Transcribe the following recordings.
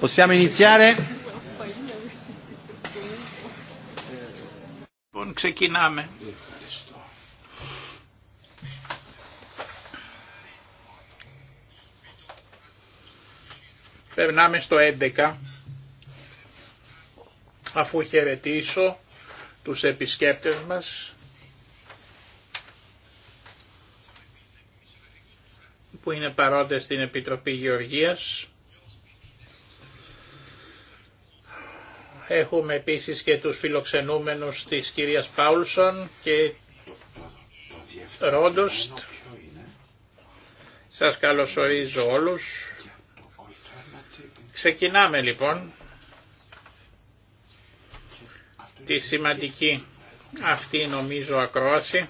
Possiamo iniziare? Λοιπόν, ξεκινάμε. Περνάμε στο 11. Αφού χαιρετήσω τους επισκέπτες μας, που είναι παρόντες στην Επιτροπή Γεωργίας, Έχουμε επίσης και τους φιλοξενούμενους της κυρίας Πάουλσον και Ρόντοστ. Σας καλωσορίζω όλους. Ξεκινάμε λοιπόν τη σημαντική αυτή νομίζω ακρόαση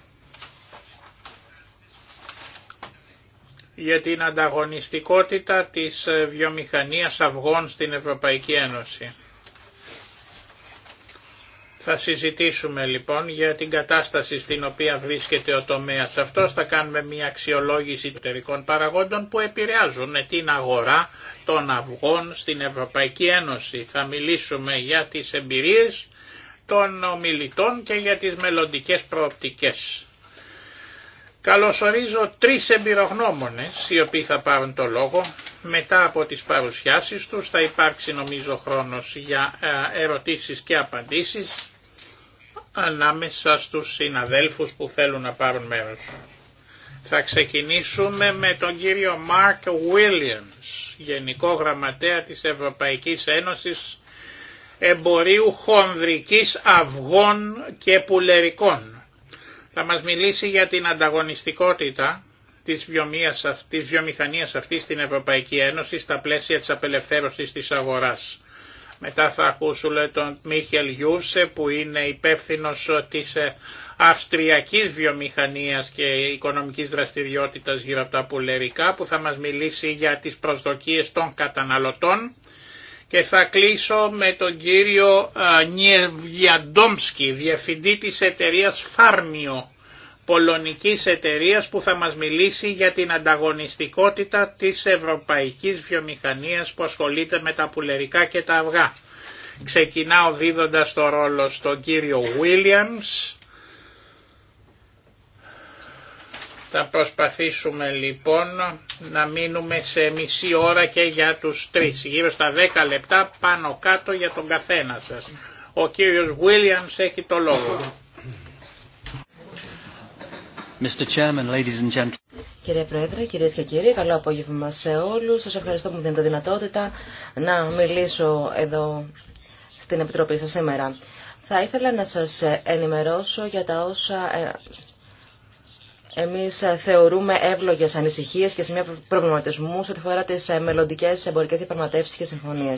για την ανταγωνιστικότητα της βιομηχανίας αυγών στην Ευρωπαϊκή Ένωση. Θα συζητήσουμε λοιπόν για την κατάσταση στην οποία βρίσκεται ο τομέας αυτός. Θα κάνουμε μια αξιολόγηση εταιρικών παραγόντων που επηρεάζουν την αγορά των αυγών στην Ευρωπαϊκή Ένωση. Θα μιλήσουμε για τις εμπειρίες των ομιλητών και για τις μελλοντικές προοπτικές. Καλωσορίζω τρεις εμπειρογνώμονες οι οποίοι θα πάρουν το λόγο. Μετά από τις παρουσιάσεις τους θα υπάρξει νομίζω χρόνος για ε, ερωτήσεις και απαντήσεις ανάμεσα στους συναδέλφους που θέλουν να πάρουν μέρος. Θα ξεκινήσουμε με τον κύριο Μάρκ Williams, Γενικό Γραμματέα της Ευρωπαϊκής Ένωσης Εμπορίου Χονδρικής Αυγών και Πουλερικών. Θα μας μιλήσει για την ανταγωνιστικότητα της, βιομίας, της βιομηχανίας αυτής στην Ευρωπαϊκή Ένωση στα πλαίσια της απελευθέρωσης της αγοράς. Μετά θα ακούσουμε τον Μίχελ Γιούσε που είναι υπεύθυνο της ε, αυστριακής βιομηχανίας και οικονομικής δραστηριότητας γύρω από τα πουλερικά που θα μας μιλήσει για τις προσδοκίες των καταναλωτών και θα κλείσω με τον κύριο ε, Νιεβιαντόμσκι, διευθυντή της εταιρείας Φάρμιο πολωνικής εταιρείας που θα μας μιλήσει για την ανταγωνιστικότητα της ευρωπαϊκής βιομηχανίας που ασχολείται με τα πουλερικά και τα αυγά. Ξεκινάω δίδοντας το ρόλο στον κύριο Williams. Θα προσπαθήσουμε λοιπόν να μείνουμε σε μισή ώρα και για τους τρεις, γύρω στα δέκα λεπτά πάνω κάτω για τον καθένα σας. Ο κύριος Williams έχει το λόγο. Κύριε Πρόεδρε, κυρίε και κύριοι, καλό απόγευμα σε όλου. Σα ευχαριστώ που μου δίνετε δυνατότητα να μιλήσω εδώ στην Επιτροπή σα σήμερα. Θα ήθελα να σα ενημερώσω για τα όσα ε, εμεί θεωρούμε εύλογε ανησυχίε και σημεία προβληματισμού σε ό,τι φορά τι μελλοντικέ εμπορικέ διαπραγματεύσει και συμφωνίε.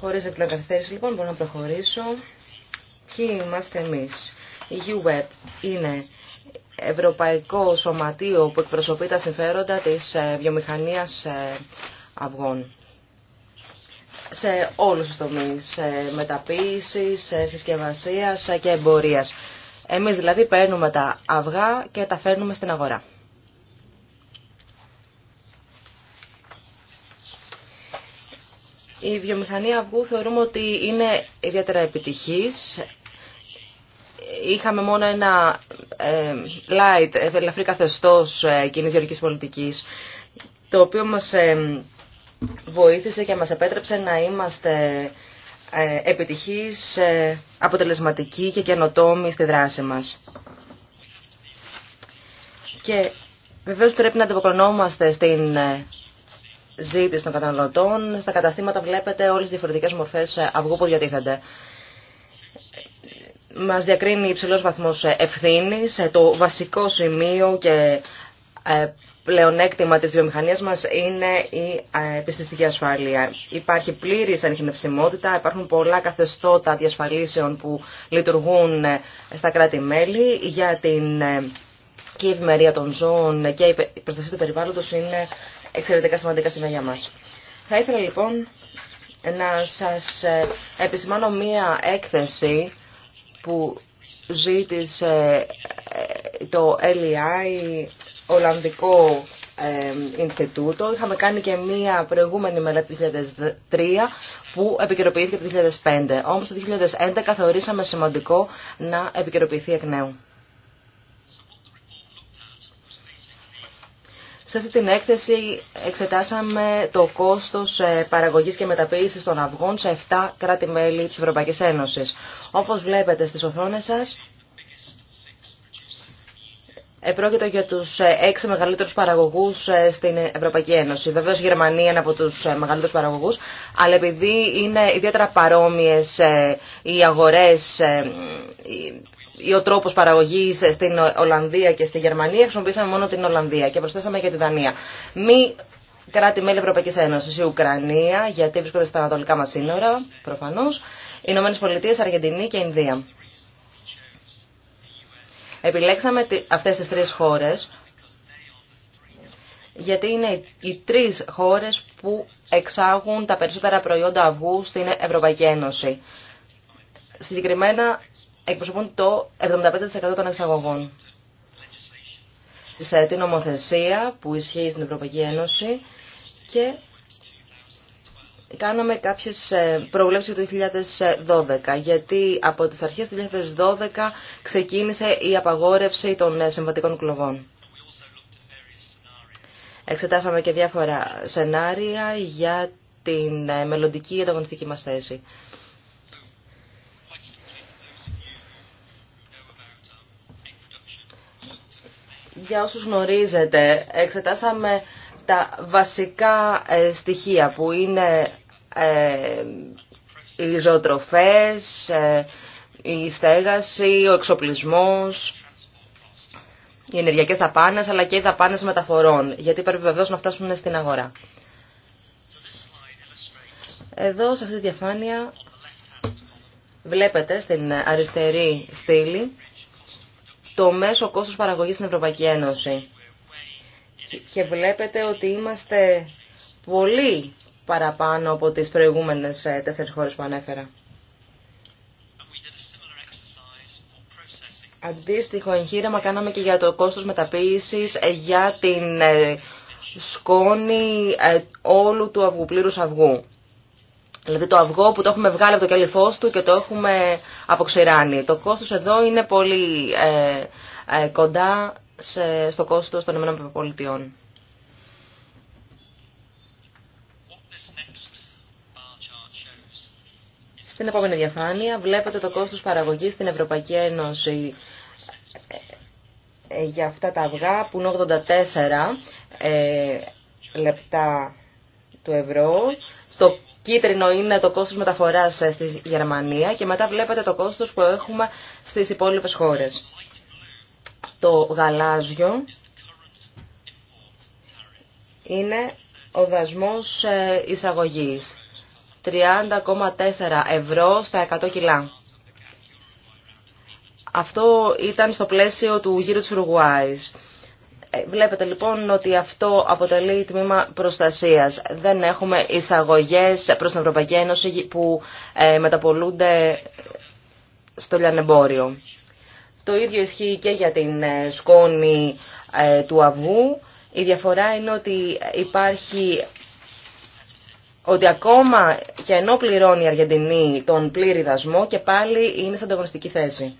Χωρί επιπλέον καθυστέρηση λοιπόν μπορώ να προχωρήσω. Ποιοι είμαστε εμεί, Η UWeb είναι Ευρωπαϊκό Σωματείο που εκπροσωπεί τα συμφέροντα της ε, βιομηχανίας ε, αυγών σε όλους τους τομείς ε, μεταποίησης, συσκευασίας και εμπορίας. Εμείς δηλαδή παίρνουμε τα αυγά και τα φέρνουμε στην αγορά. Η βιομηχανία αυγού θεωρούμε ότι είναι ιδιαίτερα επιτυχής είχαμε μόνο ένα ε, light, ε, ελαφρύ καθεστώς ε, κοινής γεωργικής πολιτικής, το οποίο μας βοήθησε και μας επέτρεψε να είμαστε επιτυχείς, αποτελεσματικοί και καινοτόμοι στη δράση μας. Και βεβαίως πρέπει να αντιποκρινόμαστε στην ζήτηση των καταναλωτών. Στα καταστήματα βλέπετε όλες τις διαφορετικές μορφές αυγού που διατίθενται μας διακρίνει υψηλός βαθμός ευθύνης. Το βασικό σημείο και ε, πλεονέκτημα της βιομηχανίας μας είναι η ε, επιστηστική ασφάλεια. Υπάρχει πλήρης ανιχνευσιμότητα, υπάρχουν πολλά καθεστώτα διασφαλίσεων που λειτουργούν ε, στα κράτη-μέλη για την και η των ζώων και η προστασία του περιβάλλοντος είναι εξαιρετικά σημαντικά σημεία για μας. Θα ήθελα λοιπόν να σας επισημάνω μία έκθεση που ζήτησε ε, το LEI, Ολλανδικό ε, Ινστιτούτο. Είχαμε κάνει και μία προηγούμενη μελέτη το 2003 που επικαιροποιήθηκε το 2005. Όμως το 2011 θεωρήσαμε σημαντικό να επικαιροποιηθεί εκ νέου. Σε αυτή την έκθεση εξετάσαμε το κόστος ε, παραγωγής και μεταποίησης των αυγών σε 7 κράτη-μέλη της Ευρωπαϊκής Ένωσης. Όπως βλέπετε στις οθόνες σας, Πρόκειται για του ε, έξι μεγαλύτερου παραγωγού ε, στην Ευρωπαϊκή Ένωση. Βεβαίω η Γερμανία είναι από του μεγαλύτερου παραγωγού, αλλά επειδή είναι ιδιαίτερα παρόμοιε οι αγορέ ή ο τρόπο παραγωγή στην Ολλανδία και στη Γερμανία, χρησιμοποίησαμε μόνο την Ολλανδία και προσθέσαμε και τη Δανία. Μη κράτη-μέλη Ευρωπαϊκή Ένωση, η Ουκρανία, γιατί βρίσκονται στα ανατολικά μα σύνορα, προφανώ, οι Ηνωμένε Πολιτείε, Αργεντινή και Ινδία. Επιλέξαμε αυτέ τι τρει χώρε, γιατί είναι οι τρει χώρε που εξάγουν τα περισσότερα προϊόντα αυγού στην Ευρωπαϊκή Ένωση. Συγκεκριμένα εκπροσωπούν το 75% των εξαγωγών. Σε την νομοθεσία που ισχύει στην Ευρωπαϊκή Ένωση και κάναμε κάποιες ε, προβλέψεις το 2012, γιατί από τις αρχές του 2012 ξεκίνησε η απαγόρευση των ε, συμβατικών κλοβών. Εξετάσαμε και διάφορα σενάρια για την ε, μελλοντική ανταγωνιστική μας θέση. Για όσους γνωρίζετε, εξετάσαμε τα βασικά ε, στοιχεία που είναι ε, οι ζωοτροφές, ε, η στέγαση, ο εξοπλισμός, οι ενεργειακές δαπάνες αλλά και οι δαπάνες μεταφορών, γιατί πρέπει βεβαίως να φτάσουν στην αγορά. Εδώ σε αυτή τη διαφάνεια βλέπετε στην αριστερή στήλη το μέσο κόστος παραγωγής στην Ευρωπαϊκή Ένωση. Και βλέπετε ότι είμαστε πολύ παραπάνω από τις προηγούμενες ε, τέσσερις χώρες που ανέφερα. Αντίστοιχο εγχείρημα κάναμε και για το κόστος μεταποίησης ε, για την ε, σκόνη όλου του αυγουπλήρους αυγού. Δηλαδή το αυγό που το έχουμε βγάλει από το κελυφός του και το έχουμε αποξηράνει. Το κόστος εδώ είναι πολύ ε, ε κοντά σε, στο κόστος των ΗΠΑ. Στην επόμενη διαφάνεια βλέπετε το κόστος παραγωγής στην Ευρωπαϊκή Ένωση ε, για αυτά τα αυγά που είναι 84 ε, λεπτά του ευρώ. Το κίτρινο είναι το κόστος μεταφοράς ε, στη Γερμανία και μετά βλέπετε το κόστος που έχουμε στις υπόλοιπες χώρες. Το γαλάζιο είναι ο δασμός ε, εισαγωγής. 30,4 ευρώ στα 100 κιλά. Αυτό ήταν στο πλαίσιο του γύρου της Ουρουγουάης. Ε, βλέπετε λοιπόν ότι αυτό αποτελεί τμήμα προστασίας. Δεν έχουμε εισαγωγές προς την Ευρωπαϊκή Ένωση που ε, μεταπολούνται στο λιανεμπόριο. Το ίδιο ισχύει και για την ε, σκόνη του αυγού. Η διαφορά είναι ότι υπάρχει ότι ακόμα και ενώ πληρώνει η Αργεντινή τον πλήρη δασμό και πάλι είναι σε ανταγωνιστική θέση.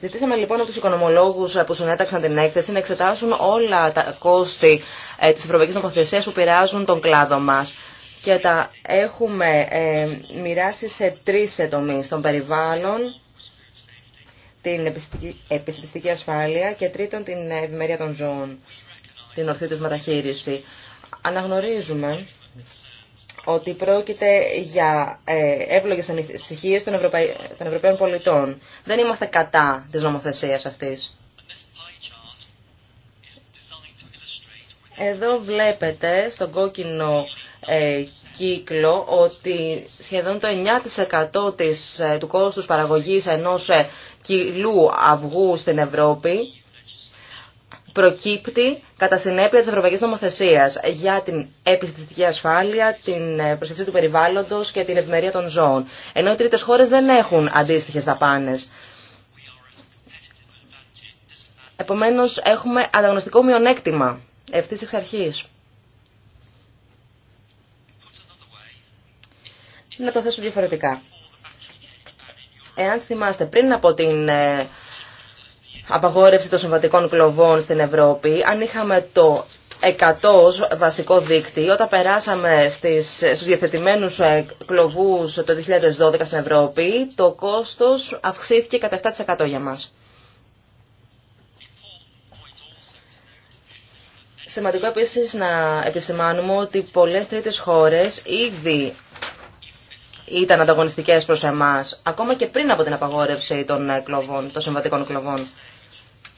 Ζητήσαμε λοιπόν από του οικονομολόγου που συνέταξαν την έκθεση να εξετάσουν όλα τα κόστη ε, τη Ευρωπαϊκή νομοθεσία που πειράζουν τον κλάδο μας. Και τα έχουμε ε, μοιράσει σε τρει τομεί: τον περιβάλλον, την επιστημιστική ασφάλεια και τρίτον την ευημερία των ζώων, την ορθή του μεταχείριση. Αναγνωρίζουμε ότι πρόκειται για ε, εύλογε ανησυχίε των, Ευρωπαϊ... των Ευρωπαίων πολιτών. Δεν είμαστε κατά της νομοθεσία αυτής. Εδώ βλέπετε στον κόκκινο ε, κύκλο ότι σχεδόν το 9% ε, του κόστους παραγωγής ενός κιλού αυγού στην Ευρώπη προκύπτει κατά συνέπεια της Ευρωπαϊκής Νομοθεσίας για την επιστηστική ασφάλεια, την ε, προστασία του περιβάλλοντος και την ευημερία των ζώων. Ενώ οι τρίτες χώρες δεν έχουν αντίστοιχες δαπάνες. Επομένως έχουμε ανταγωνιστικό μειονέκτημα ευθύς εξ αρχής. Να το θέσω διαφορετικά. Εάν θυμάστε, πριν από την ε, απαγόρευση των συμβατικών κλοβών στην Ευρώπη, αν είχαμε το 100 βασικό δίκτυο, όταν περάσαμε στις, στους διαθετημένους ε, κλοβούς το 2012 στην Ευρώπη, το κόστος αυξήθηκε κατά 7% για μας. Σημαντικό επίσης να επισημάνουμε ότι πολλές τρίτες χώρες ήδη ήταν ανταγωνιστικές προς εμάς, ακόμα και πριν από την απαγόρευση των, ε, κλωβών, των συμβατικών κλοβών.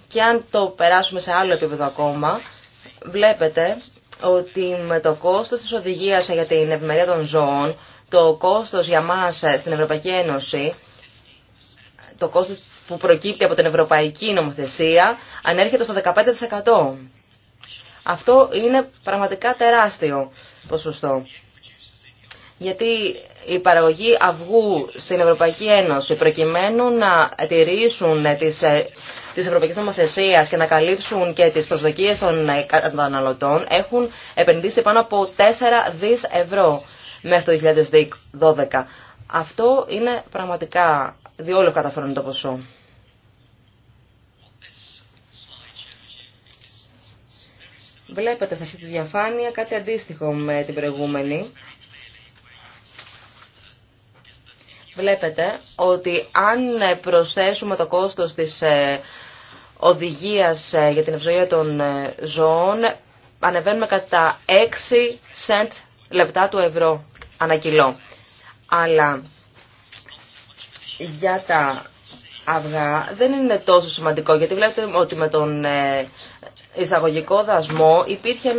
Και αν το περάσουμε σε άλλο επίπεδο ακόμα, βλέπετε ότι με το κόστος της οδηγίας για την ευημερία των ζώων, το κόστος για μας στην Ευρωπαϊκή Ένωση, το κόστος που προκύπτει από την Ευρωπαϊκή Νομοθεσία, ανέρχεται στο 15%. Αυτό είναι πραγματικά τεράστιο ποσοστό γιατί η παραγωγή αυγού στην Ευρωπαϊκή Ένωση προκειμένου να τηρήσουν τις, ε, τις ευρωπαϊκές νομοθεσίες και να καλύψουν και τις προσδοκίες των ε, καταναλωτών έχουν επενδύσει πάνω από 4 δις ευρώ μέχρι το 2012. Αυτό είναι πραγματικά διόλου καταφέρουν το ποσό. Βλέπετε σε αυτή τη διαφάνεια κάτι αντίστοιχο με την προηγούμενη. Βλέπετε ότι αν προσθέσουμε το κόστος της ε, οδηγίας ε, για την ευζοία των ε, ζώων, ανεβαίνουμε κατά 6 cent λεπτά του ευρώ ανά κιλό. Αλλά για τα αυγά δεν είναι τόσο σημαντικό, γιατί βλέπετε ότι με τον εισαγωγικό δασμό υπήρχε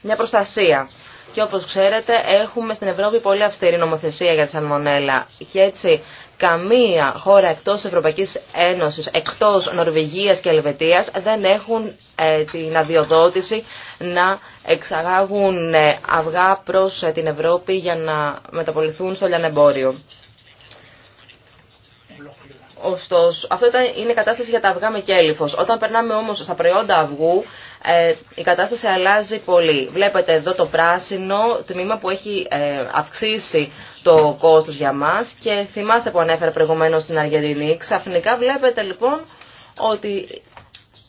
μια προστασία. Και όπως ξέρετε έχουμε στην Ευρώπη πολύ αυστηρή νομοθεσία για τη σαλμονέλα. Και έτσι καμία χώρα εκτός Ευρωπαϊκής Ένωσης, εκτός Νορβηγίας και Ελβετίας δεν έχουν ε, την αδειοδότηση να εξαγάγουν ε, αυγά προς ε, την Ευρώπη για να μεταπολιθούν στο λιανεμπόριο. Ωστόσο, αυτό είναι η κατάσταση για τα αυγά με κέλυφος. Όταν περνάμε όμως στα προϊόντα αυγού, ε, η κατάσταση αλλάζει πολύ. Βλέπετε εδώ το πράσινο τμήμα που έχει ε, αυξήσει το κόστος για μας και θυμάστε που ανέφερα προηγουμένως στην Αργεντινή. Ξαφνικά βλέπετε λοιπόν ότι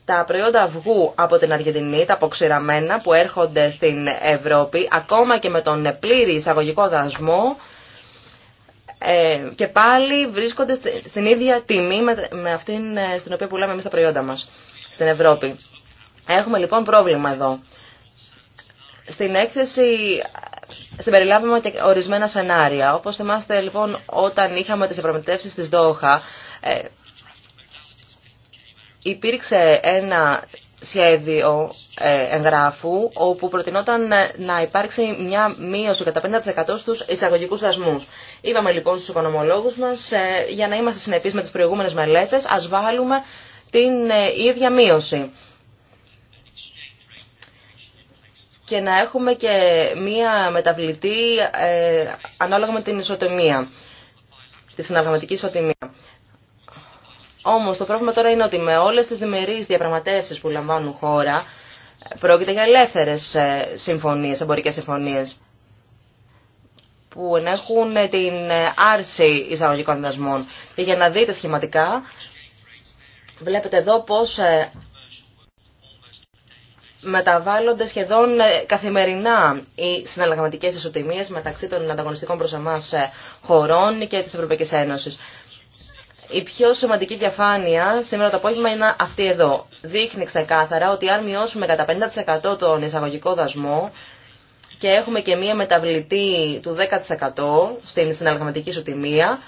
τα προϊόντα αυγού από την Αργεντινή, τα αποξηραμένα που έρχονται στην Ευρώπη, ακόμα και με τον πλήρη εισαγωγικό δασμό, ε, και πάλι βρίσκονται στην ίδια τιμή με αυτήν ε, στην οποία πουλάμε εμείς τα προϊόντα μας στην Ευρώπη. Έχουμε λοιπόν πρόβλημα εδώ. Στην έκθεση ε, συμπεριλάβαμε και ορισμένα σενάρια. Όπως θυμάστε λοιπόν όταν είχαμε τις ευρωμετεύσεις της Δόχα υπήρξε ένα σχέδιο ε, εγγράφου, όπου προτινόταν ε, να υπάρξει μια μείωση κατά 50% στους εισαγωγικούς δασμούς. Είπαμε λοιπόν στους οικονομολόγους μας, ε, για να είμαστε συνεπείς με τις προηγούμενες μελέτες, ας βάλουμε την ίδια μείωση. Και να έχουμε και μία μεταβλητή ανάλογα με την ισοτιμία, τη συναλλαγματική ισοτιμία. Όμω, το πρόβλημα τώρα είναι ότι με όλες τις διμερεί διαπραγματεύσει που λαμβάνουν χώρα, πρόκειται για ελεύθερες ε, συμφωνίες, εμπορικέ συμφωνίες, που ενέχουν ε, την ε, άρση εισαγωγικών δασμών. Και για να δείτε σχηματικά, βλέπετε εδώ πώς μεταβάλλονται σχεδόν καθημερινά οι συναλλαγματικές ισοτιμίες μεταξύ των ανταγωνιστικών προς χωρών και της Ευρωπαϊκής Ένωσης. Η πιο σημαντική διαφάνεια σήμερα το απόγευμα είναι αυτή εδώ. Δείχνει ξεκάθαρα ότι αν μειώσουμε κατά 50% τον εισαγωγικό δασμό και έχουμε και μία μεταβλητή του 10% στην συναλλαγματική σου τιμία,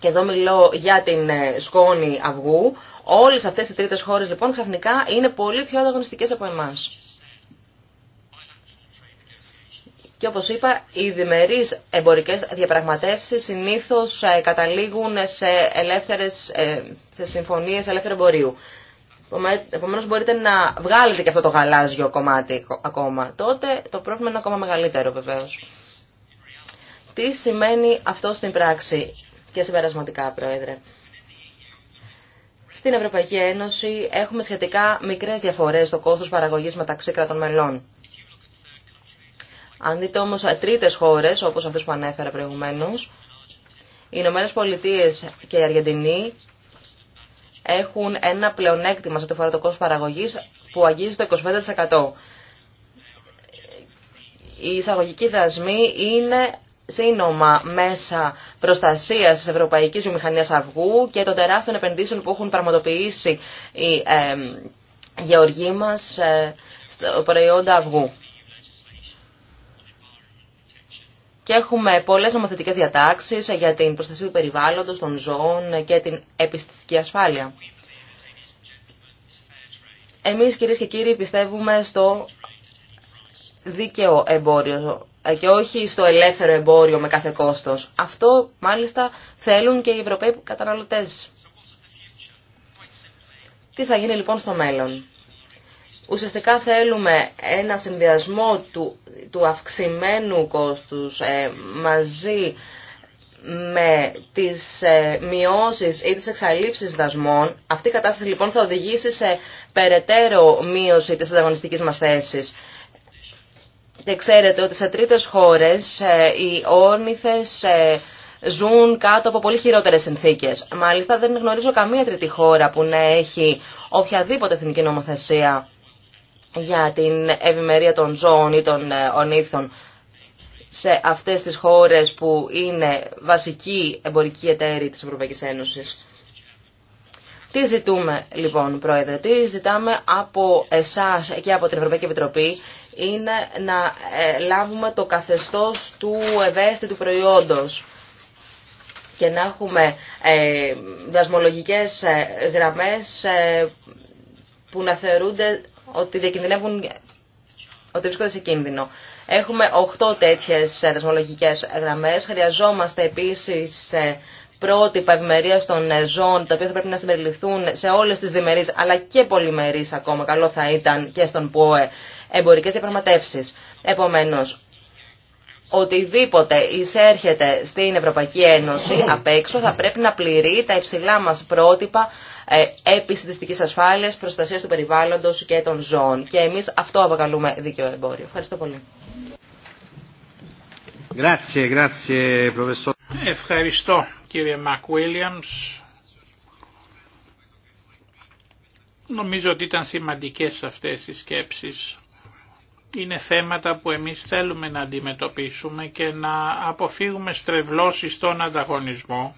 και εδώ μιλώ για την ε, σκόνη αυγού, όλες αυτές οι τρίτες χώρες λοιπόν ξαφνικά είναι πολύ πιο ανταγωνιστικές από εμάς. Και όπως είπα, οι διμερείς εμπορικές διαπραγματεύσεις συνήθως ε, καταλήγουν σε, ελεύθερες, ε, σε συμφωνίες ελεύθερου εμπορίου. Επομένως μπορείτε να βγάλετε και αυτό το γαλάζιο κομμάτι ακόμα. Τότε το πρόβλημα είναι ακόμα μεγαλύτερο βεβαίως. Τι σημαίνει αυτό στην πράξη και συμπερασματικά, Πρόεδρε. Στην Ευρωπαϊκή Ένωση έχουμε σχετικά μικρές διαφορές στο κόστος παραγωγής μεταξύ κρατών μελών. Αν δείτε όμω τρίτε χώρε, όπως αυτέ που ανέφερα προηγουμένως, οι Ηνωμένε Πολιτείε και η Αργεντινή έχουν ένα πλεονέκτημα σε ό,τι αφορά το κόστο παραγωγής που αγγίζει το 25%. Οι εισαγωγικοί δασμοί είναι σύνομα μέσα προστασία τη Ευρωπαϊκής Βιομηχανία Αυγού και των τεράστιων επενδύσεων που έχουν πραγματοποιήσει οι ε, γεωργοί μα ε, προϊόντα αυγού. και έχουμε πολλέ νομοθετικές διατάξει για την προστασία του περιβάλλοντος, των ζώων και την επιστημική ασφάλεια. Εμείς κυρίε και κύριοι πιστεύουμε στο δίκαιο εμπόριο και όχι στο ελεύθερο εμπόριο με κάθε κόστο. Αυτό μάλιστα θέλουν και οι Ευρωπαίοι καταναλωτές. Τι θα γίνει λοιπόν στο μέλλον. Ουσιαστικά θέλουμε ένα συνδυασμό του, του αυξημένου κόστους ε, μαζί με τις ε, μειώσεις ή τις εξαλείψεις δασμών. Αυτή η κατάσταση λοιπόν θα οδηγήσει σε περαιτέρω μείωση της ανταγωνιστικής μας θέσης. Και ξέρετε ότι σε τρίτες χώρες ε, οι όρνηθες ε, ζουν κάτω από πολύ χειρότερες συνθήκες. Μάλιστα, δεν γνωρίζω καμία τρίτη χώρα που να έχει οποιαδήποτε εθνική νομοθεσία για την ευημερία των ζώων ή των ε, ονήθων σε αυτές τις χώρες που είναι βασική εμπορική εταίροι της Ευρωπαϊκής Ένωσης. Τι ζητούμε λοιπόν Πρόεδρε, τι ζητάμε από εσάς και από την Ευρωπαϊκή Επιτροπή είναι να ε, λάβουμε το καθεστώς του ευαίσθητου προϊόντος και να έχουμε ε, δασμολογικές γραμμές που να θεωρούνται ότι διακινδυνεύουν ότι βρίσκονται σε κίνδυνο. Έχουμε 8 τέτοιε ε, δεσμολογικέ γραμμέ. Χρειαζόμαστε επίση ε, πρότυπα ευημερία των ε, ζώων, τα οποία θα πρέπει να συμπεριληφθούν σε όλε τι διμερεί, αλλά και πολυμερεί ακόμα, καλό θα ήταν και στον ΠΟΕ, εμπορικέ διαπραγματεύσει. Επομένω, οτιδήποτε εισέρχεται στην Ευρωπαϊκή Ένωση απ' έξω θα πρέπει να πληρεί τα υψηλά μας πρότυπα ε, επιστημιστικής ασφάλειας, προστασίας του περιβάλλοντος και των ζώων. Και εμείς αυτό αποκαλούμε δίκαιο εμπόριο. Ευχαριστώ πολύ. Ευχαριστώ κύριε Μακ Νομίζω ότι ήταν σημαντικές αυτές οι σκέψεις είναι θέματα που εμείς θέλουμε να αντιμετωπίσουμε και να αποφύγουμε στρεβλώσεις στον ανταγωνισμό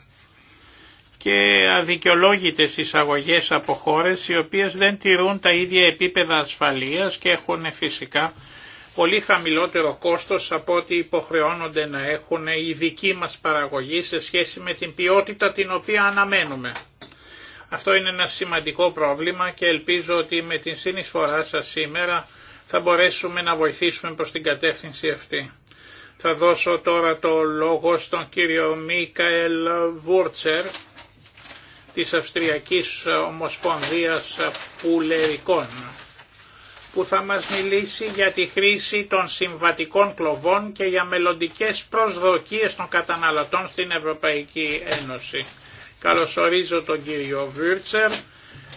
και αδικαιολόγητες εισαγωγές από χώρες οι οποίες δεν τηρούν τα ίδια επίπεδα ασφαλείας και έχουν φυσικά πολύ χαμηλότερο κόστος από ό,τι υποχρεώνονται να έχουν η δική μας παραγωγή σε σχέση με την ποιότητα την οποία αναμένουμε. Αυτό είναι ένα σημαντικό πρόβλημα και ελπίζω ότι με την συνεισφορά σας σήμερα θα μπορέσουμε να βοηθήσουμε προς την κατεύθυνση αυτή. Θα δώσω τώρα το λόγο στον κύριο Μίκαελ Βούρτσερ της Αυστριακής Ομοσπονδίας Πουλερικών που θα μας μιλήσει για τη χρήση των συμβατικών κλοβών και για μελλοντικές προσδοκίες των καταναλωτών στην Ευρωπαϊκή Ένωση. Καλωσορίζω τον κύριο Βούρτσερ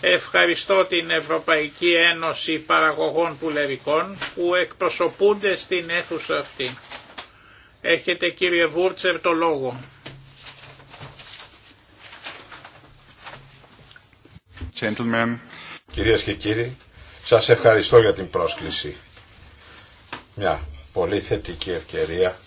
Ευχαριστώ την Ευρωπαϊκή Ένωση Παραγωγών Πουλερικών που εκπροσωπούνται στην αίθουσα αυτή. Έχετε κύριε Βούρτσερ το λόγο. Gentlemen. Κυρίες και κύριοι, σας ευχαριστώ για την πρόσκληση. Μια πολύ θετική ευκαιρία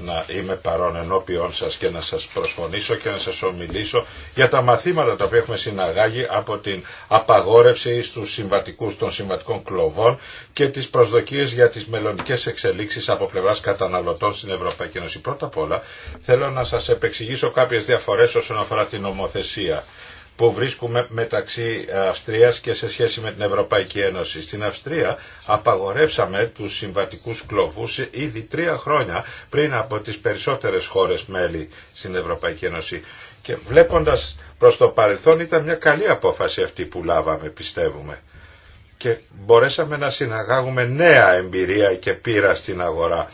να είμαι παρόν ενώπιον σας και να σας προσφωνήσω και να σας ομιλήσω για τα μαθήματα τα οποία έχουμε συναγάγει από την απαγόρευση στους συμβατικούς των συμβατικών κλοβών και τις προσδοκίες για τις μελλοντικές εξελίξεις από πλευράς καταναλωτών στην Ευρωπαϊκή Ένωση. Πρώτα απ' όλα θέλω να σας επεξηγήσω κάποιες διαφορές όσον αφορά την νομοθεσία που βρίσκουμε μεταξύ Αυστρίας και σε σχέση με την Ευρωπαϊκή Ένωση. Στην Αυστρία απαγορεύσαμε τους συμβατικούς κλόβους ήδη τρία χρόνια πριν από τις περισσότερες χώρες μέλη στην Ευρωπαϊκή Ένωση. Και βλέποντας προς το παρελθόν ήταν μια καλή απόφαση αυτή που λάβαμε πιστεύουμε. Και μπορέσαμε να συναγάγουμε νέα εμπειρία και πείρα στην αγορά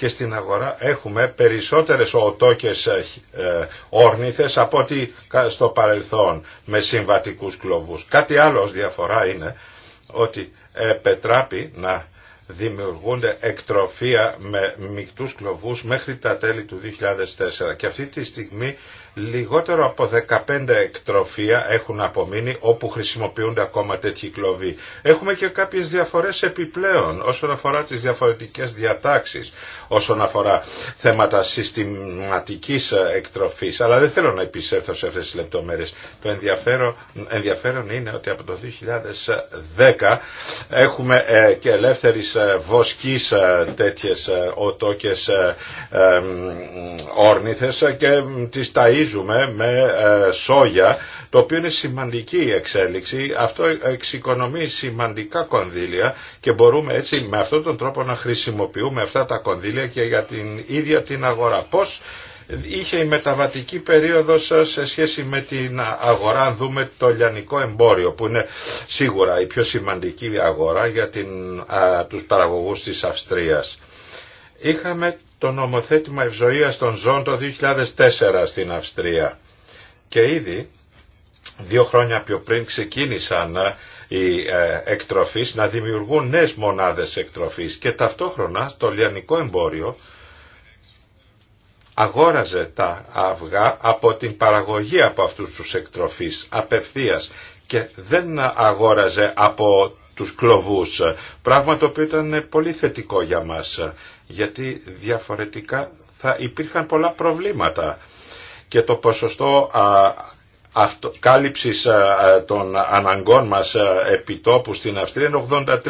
και στην αγορά έχουμε περισσότερες οτόκες ε, ε, όρνηθες από ό,τι στο παρελθόν με συμβατικούς κλωβούς. Κάτι άλλο ως διαφορά είναι ότι επετράπει να δημιουργούνται εκτροφία με μικτούς κλωβούς μέχρι τα τέλη του 2004 και αυτή τη στιγμή λιγότερο από 15 εκτροφία έχουν απομείνει όπου χρησιμοποιούνται ακόμα τέτοιοι κλωβοί. Έχουμε και κάποιες διαφορές επιπλέον όσον αφορά τις διαφορετικές διατάξεις, όσον αφορά θέματα συστηματικής εκτροφής. Αλλά δεν θέλω να επισέλθω σε αυτές τις λεπτομέρειες. Το ενδιαφέρον, ενδιαφέρον είναι ότι από το 2010 έχουμε ε, και ελεύθερης ε, βοσκής ε, τέτοιες οτόκες όρνηθες και τις ταΐ γεμίζουμε με ε, σόγια, το οποίο είναι σημαντική εξέλιξη. Αυτό εξοικονομεί σημαντικά κονδύλια και μπορούμε έτσι με αυτόν τον τρόπο να χρησιμοποιούμε αυτά τα κονδύλια και για την ίδια την αγορά. Πώς είχε η μεταβατική περίοδος σε σχέση με την αγορά, αν δούμε το λιανικό εμπόριο που είναι σίγουρα η πιο σημαντική αγορά για την, α, τους παραγωγούς της Αυστρίας. Είχαμε το νομοθέτημα ευζοίας των ζώων το 2004 στην Αυστρία. Και ήδη δύο χρόνια πιο πριν ξεκίνησαν ε, οι ε, εκτροφείς να δημιουργούν νέες μονάδες εκτροφής και ταυτόχρονα το λιανικό εμπόριο αγόραζε τα αυγά από την παραγωγή από αυτούς τους εκτροφείς απευθείας και δεν αγόραζε από τους κλοβούς. Πράγμα το οποίο ήταν πολύ θετικό για μας, γιατί διαφορετικά θα υπήρχαν πολλά προβλήματα. Και το ποσοστό α, των αναγκών μας α, επιτόπου στην Αυστρία είναι 83%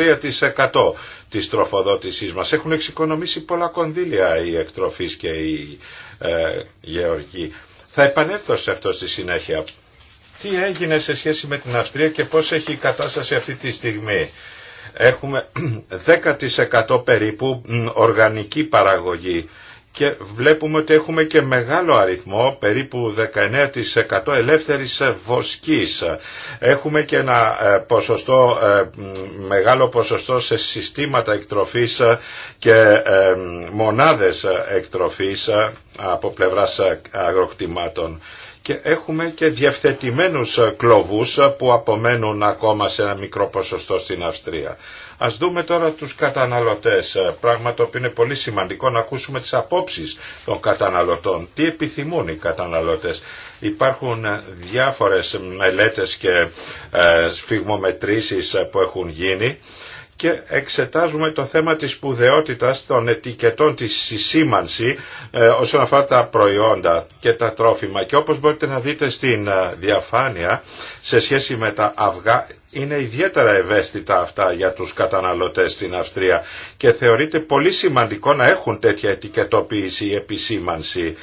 της τροφοδότησής μας. Έχουν εξοικονομήσει πολλά κονδύλια οι εκτροφείς και οι ε, γεωργοί. Θα επανέλθω σε αυτό στη συνέχεια τι έγινε σε σχέση με την Αυστρία και πώς έχει η κατάσταση αυτή τη στιγμή. Έχουμε 10% περίπου οργανική παραγωγή και βλέπουμε ότι έχουμε και μεγάλο αριθμό, περίπου 19% ελεύθερης βοσκής. Έχουμε και ένα ε, ποσοστό, ε, μεγάλο ποσοστό σε συστήματα εκτροφής και ε, μονάδες εκτροφής από πλευράς αγροκτημάτων και έχουμε και διευθετημένους ε, κλόβους ε, που απομένουν ακόμα σε ένα μικρό ποσοστό στην Αυστρία. Ας δούμε τώρα τους καταναλωτές, ε, πράγμα το οποίο είναι πολύ σημαντικό να ακούσουμε τις απόψεις των καταναλωτών. Τι επιθυμούν οι καταναλωτές. Υπάρχουν διάφορες μελέτες και σφιγμομετρήσεις που έχουν γίνει και εξετάζουμε το θέμα της σπουδαιότητας των ετικετών της συσήμανση ε, όσον αφορά τα προϊόντα και τα τρόφιμα. Και όπως μπορείτε να δείτε στην ε, διαφάνεια σε σχέση με τα αυγά είναι ιδιαίτερα ευαίσθητα αυτά για τους καταναλωτές στην Αυστρία και θεωρείται πολύ σημαντικό να έχουν τέτοια ετικετοποίηση ή επισήμανση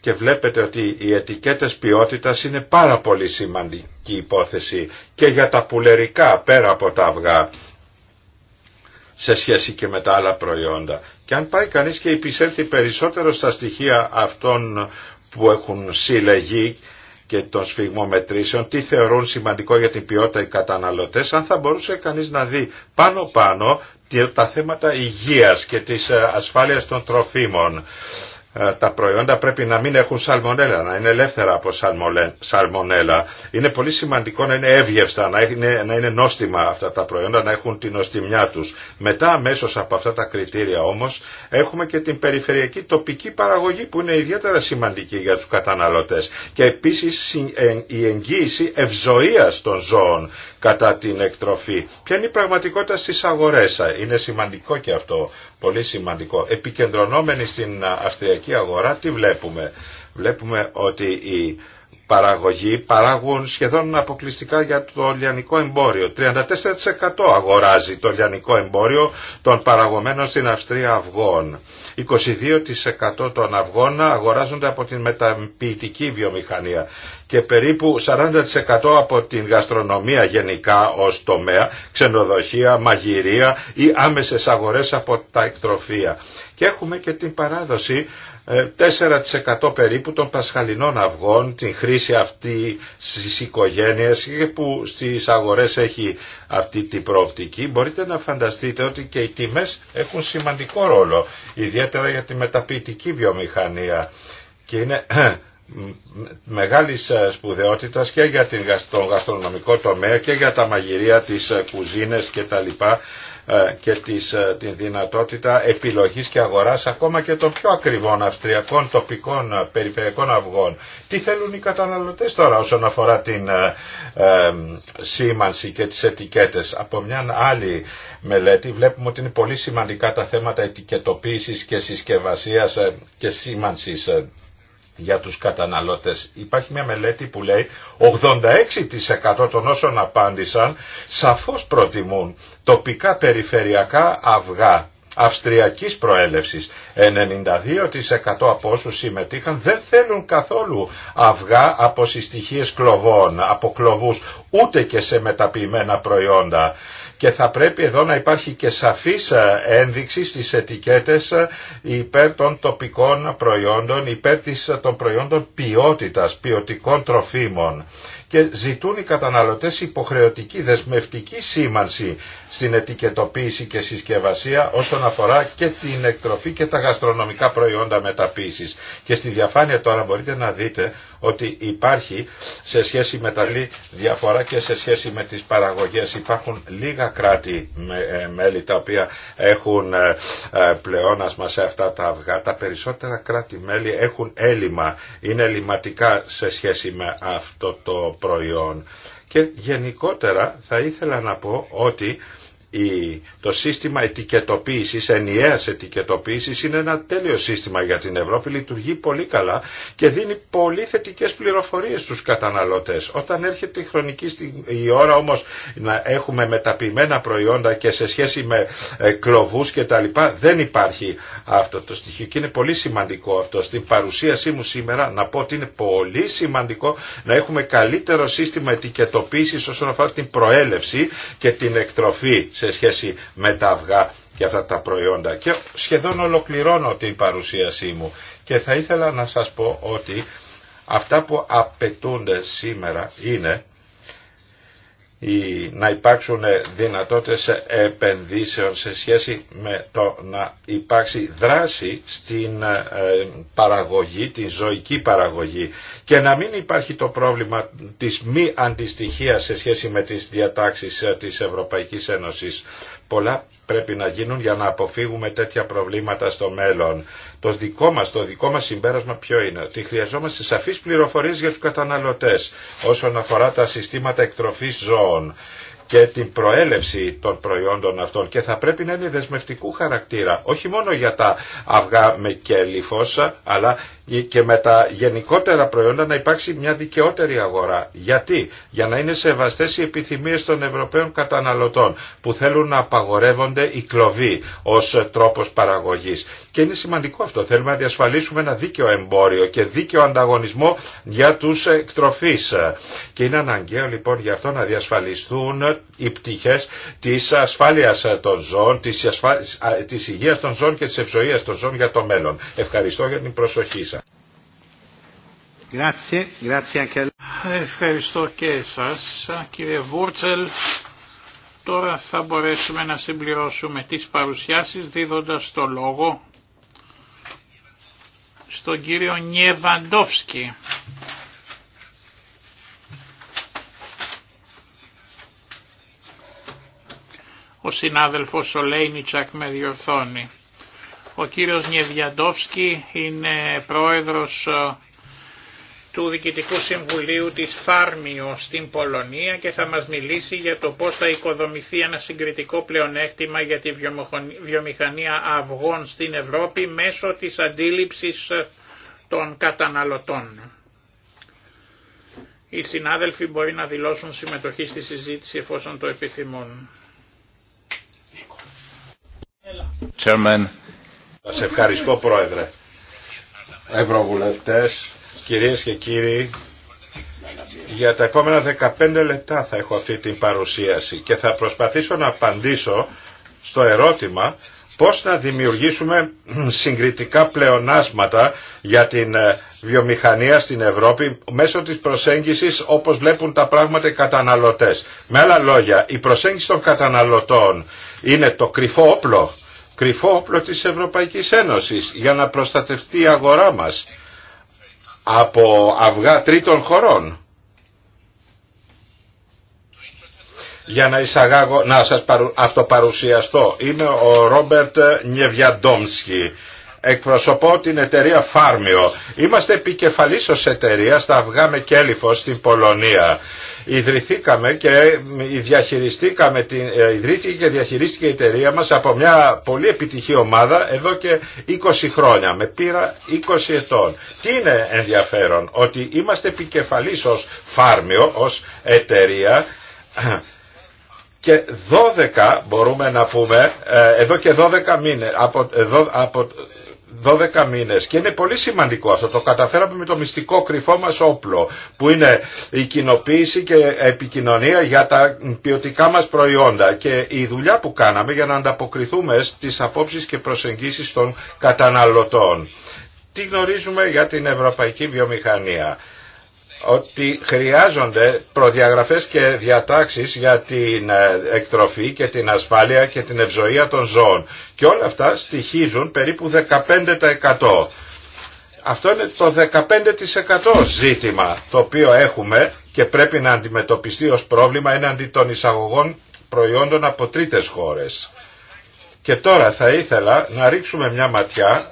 και βλέπετε ότι οι ετικέτες ποιότητας είναι πάρα πολύ σημαντική υπόθεση και για τα πουλερικά πέρα από τα αυγά σε σχέση και με τα άλλα προϊόντα. Και αν πάει κανείς και επισέλθει περισσότερο στα στοιχεία αυτών που έχουν συλλεγεί και των σφιγμομετρήσεων, τι θεωρούν σημαντικό για την ποιότητα οι καταναλωτές, αν θα μπορούσε κανείς να δει πάνω-πάνω τα θέματα υγείας και της ε, ασφάλειας των τροφίμων ε, τα προϊόντα πρέπει να μην έχουν σαλμονέλα, να είναι ελεύθερα από σαλμονέλα. Είναι πολύ σημαντικό να είναι εύγευστα, να είναι, να είναι νόστιμα αυτά τα προϊόντα, να έχουν την νοστιμιά τους. Μετά αμέσως από αυτά τα κριτήρια όμως έχουμε και την περιφερειακή τοπική παραγωγή που είναι ιδιαίτερα σημαντική για τους καταναλωτές και επίσης ε, η εγγύηση ευζοίας των ζώων κατά την εκτροφή. Ποια είναι η πραγματικότητα στις αγορές. Είναι σημαντικό και αυτό πολύ σημαντικό. Επικεντρωνόμενοι στην αυστριακή αγορά, τι βλέπουμε. Βλέπουμε ότι η Παραγωγή, παράγουν σχεδόν αποκλειστικά για το λιανικό εμπόριο. 34% αγοράζει το λιανικό εμπόριο των παραγωμένων στην Αυστρία αυγών. 22% των αυγών αγοράζονται από την μεταποιητική βιομηχανία και περίπου 40% από την γαστρονομία γενικά ως τομέα, ξενοδοχεία, μαγειρία ή άμεσες αγορές από τα εκτροφία. Και έχουμε και την παράδοση 4% περίπου των πασχαλινών αυγών, την χρήση αυτή στις οικογένειες και που στις αγορές έχει αυτή την προοπτική, μπορείτε να φανταστείτε ότι και οι τιμές έχουν σημαντικό ρόλο, ιδιαίτερα για τη μεταποιητική βιομηχανία και είναι μεγάλης σπουδαιότητας και για τον γαστρονομικό τομέα και για τα μαγειρία, τις κουζίνες κτλ. Ε, και της, ε, τη δυνατότητα επιλογής και αγοράς ακόμα και των πιο ακριβών αυστριακών τοπικών ε, περιφερειακών αυγών. Τι θέλουν οι καταναλωτές τώρα όσον αφορά την σήμανση και τις ετικέτες. Από μια άλλη μελέτη βλέπουμε ότι είναι πολύ σημαντικά τα θέματα ετικετοποίησης και συσκευασίας και σήμανσης για τους καταναλώτες. Υπάρχει μια μελέτη που λέει 86% των όσων απάντησαν σαφώς προτιμούν τοπικά περιφερειακά αυγά αυστριακής προέλευσης. 92% από όσους συμμετείχαν δεν θέλουν καθόλου αυγά από συστοιχίες κλοβών, από κλοβούς, ούτε και σε μεταποιημένα προϊόντα και θα πρέπει εδώ να υπάρχει και σαφής ε, ένδειξη στις ετικέτες ε, υπέρ των τοπικών προϊόντων, υπέρ ε, των προϊόντων ποιότητας, ποιοτικών τροφίμων και ζητούν οι καταναλωτές υποχρεωτική δεσμευτική σήμανση στην ετικετοποίηση και συσκευασία όσον αφορά και την εκτροφή και τα γαστρονομικά προϊόντα μεταποίησης. Και στη διαφάνεια τώρα μπορείτε να δείτε ότι υπάρχει σε σχέση με τα διαφορά και σε σχέση με τις παραγωγές. Υπάρχουν λίγα κράτη ε, μέλη τα οποία έχουν ε, ε, πλεόνασμα σε αυτά τα αυγά. Τα περισσότερα κράτη μέλη έχουν έλλειμμα, είναι λιματικά σε σχέση με αυτό το προϊόν. Και γενικότερα θα ήθελα να πω ότι το σύστημα ετικετοποίηση, ενιαίας ετικετοποίηση είναι ένα τέλειο σύστημα για την Ευρώπη, λειτουργεί πολύ καλά και δίνει πολύ θετικές πληροφορίες στους καταναλωτές. Όταν έρχεται η χρονική η ώρα όμως να έχουμε μεταποιημένα προϊόντα και σε σχέση με ε, κλωβούς και δεν υπάρχει αυτό το στοιχείο και είναι πολύ σημαντικό αυτό. Στην παρουσίασή μου σήμερα να πω ότι είναι πολύ σημαντικό να έχουμε καλύτερο σύστημα ετικετοποίηση όσον αφορά την προέλευση και την εκτροφή σε σχέση με τα αυγά και αυτά τα προϊόντα. Και σχεδόν ολοκληρώνω την παρουσίασή μου και θα ήθελα να σας πω ότι αυτά που απαιτούνται σήμερα είναι να υπάρξουν δυνατότητες επενδύσεων σε σχέση με το να υπάρξει δράση στην ε, παραγωγή, την ζωική παραγωγή και να μην υπάρχει το πρόβλημα της μη αντιστοιχίας σε σχέση με τις διατάξεις ε, της Ευρωπαϊκής Ένωσης. Πολλά πρέπει να γίνουν για να αποφύγουμε τέτοια προβλήματα στο μέλλον το δικό μας, το δικό μας συμπέρασμα ποιο είναι, ότι χρειαζόμαστε σαφείς πληροφορίες για τους καταναλωτές όσον αφορά τα συστήματα εκτροφής ζώων και την προέλευση των προϊόντων αυτών και θα πρέπει να είναι δεσμευτικού χαρακτήρα όχι μόνο για τα αυγά με φώσα αλλά και με τα γενικότερα προϊόντα να υπάρξει μια δικαιότερη αγορά. Γιατί? Για να είναι σεβαστές οι επιθυμίες των Ευρωπαίων καταναλωτών που θέλουν να απαγορεύονται οι κλοβοί ως τρόπος παραγωγής. Και είναι σημαντικό αυτό. Θέλουμε να διασφαλίσουμε ένα δίκαιο εμπόριο και δίκαιο ανταγωνισμό για τους εκτροφείς. Και είναι αναγκαίο λοιπόν γι' αυτό να διασφαλιστούν οι πτυχές της ασφάλειας των ζώων, της, ασφα... της υγείας των ζώων και της ευσοίας των ζώων για το μέλλον. Ευχαριστώ για την προσοχή σας. Ευχαριστώ και εσάς κύριε Βούρτσελ. Τώρα θα μπορέσουμε να συμπληρώσουμε τις παρουσιάσεις δίδοντας το λόγο στον κύριο Νιεβαντόφσκι. Ο συνάδελφος ο Λέινιτσακ με διορθώνει. Ο κύριος Νιεβιαντόφσκι είναι πρόεδρος του Διοικητικού Συμβουλίου της Φάρμιο στην Πολωνία και θα μας μιλήσει για το πώς θα οικοδομηθεί ένα συγκριτικό πλεονέκτημα για τη βιομηχανία αυγών στην Ευρώπη μέσω της αντίληψης ε, των καταναλωτών. Οι συνάδελφοι μπορεί να δηλώσουν συμμετοχή στη συζήτηση εφόσον το επιθυμούν. Chairman. Σας ευχαριστώ Πρόεδρε. Ευρωβουλευτές, Κυρίες και κύριοι, για τα επόμενα 15 λεπτά θα έχω αυτή την παρουσίαση και θα προσπαθήσω να απαντήσω στο ερώτημα πώς να δημιουργήσουμε συγκριτικά πλεονάσματα για την ε, βιομηχανία στην Ευρώπη μέσω της προσέγγισης όπως βλέπουν τα πράγματα οι καταναλωτές. Με άλλα λόγια, η προσέγγιση των καταναλωτών είναι το κρυφό όπλο, κρυφό όπλο της Ευρωπαϊκής Ένωσης για να προστατευτεί η αγορά μας από αυγά τρίτων χωρών. Για να εισαγάγω, να σας παρου, αυτοπαρουσιαστώ. Είμαι ο Ρόμπερτ Νιεβιαντόμσκι. Εκπροσωπώ την εταιρεία Φάρμιο. Είμαστε επικεφαλής ως εταιρεία στα αυγά με κέλυφο στην Πολωνία ιδρυθήκαμε και διαχειριστήκαμε την, ε, ιδρύθηκε και διαχειρίστηκε η εταιρεία μας από μια πολύ επιτυχή ομάδα εδώ και 20 χρόνια με πείρα 20 ετών. Τι είναι ενδιαφέρον ότι είμαστε επικεφαλής ως φάρμιο, ως εταιρεία και 12 μπορούμε να πούμε, ε, εδώ και 12 μήνες, από, από 12 μήνες και είναι πολύ σημαντικό αυτό το καταφέραμε με το μυστικό κρυφό μας όπλο που είναι η κοινοποίηση και επικοινωνία για τα ποιοτικά μας προϊόντα και η δουλειά που κάναμε για να ανταποκριθούμε στις απόψεις και προσεγγίσεις των καταναλωτών. Τι γνωρίζουμε για την ευρωπαϊκή βιομηχανία ότι χρειάζονται προδιαγραφές και διατάξεις για την ε, εκτροφή και την ασφάλεια και την ευζοία των ζώων. Και όλα αυτά στοιχίζουν περίπου 15%. Αυτό είναι το 15% ζήτημα το οποίο έχουμε και πρέπει να αντιμετωπιστεί ως πρόβλημα έναντι των εισαγωγών προϊόντων από τρίτες χώρες. Και τώρα θα ήθελα να ρίξουμε μια ματιά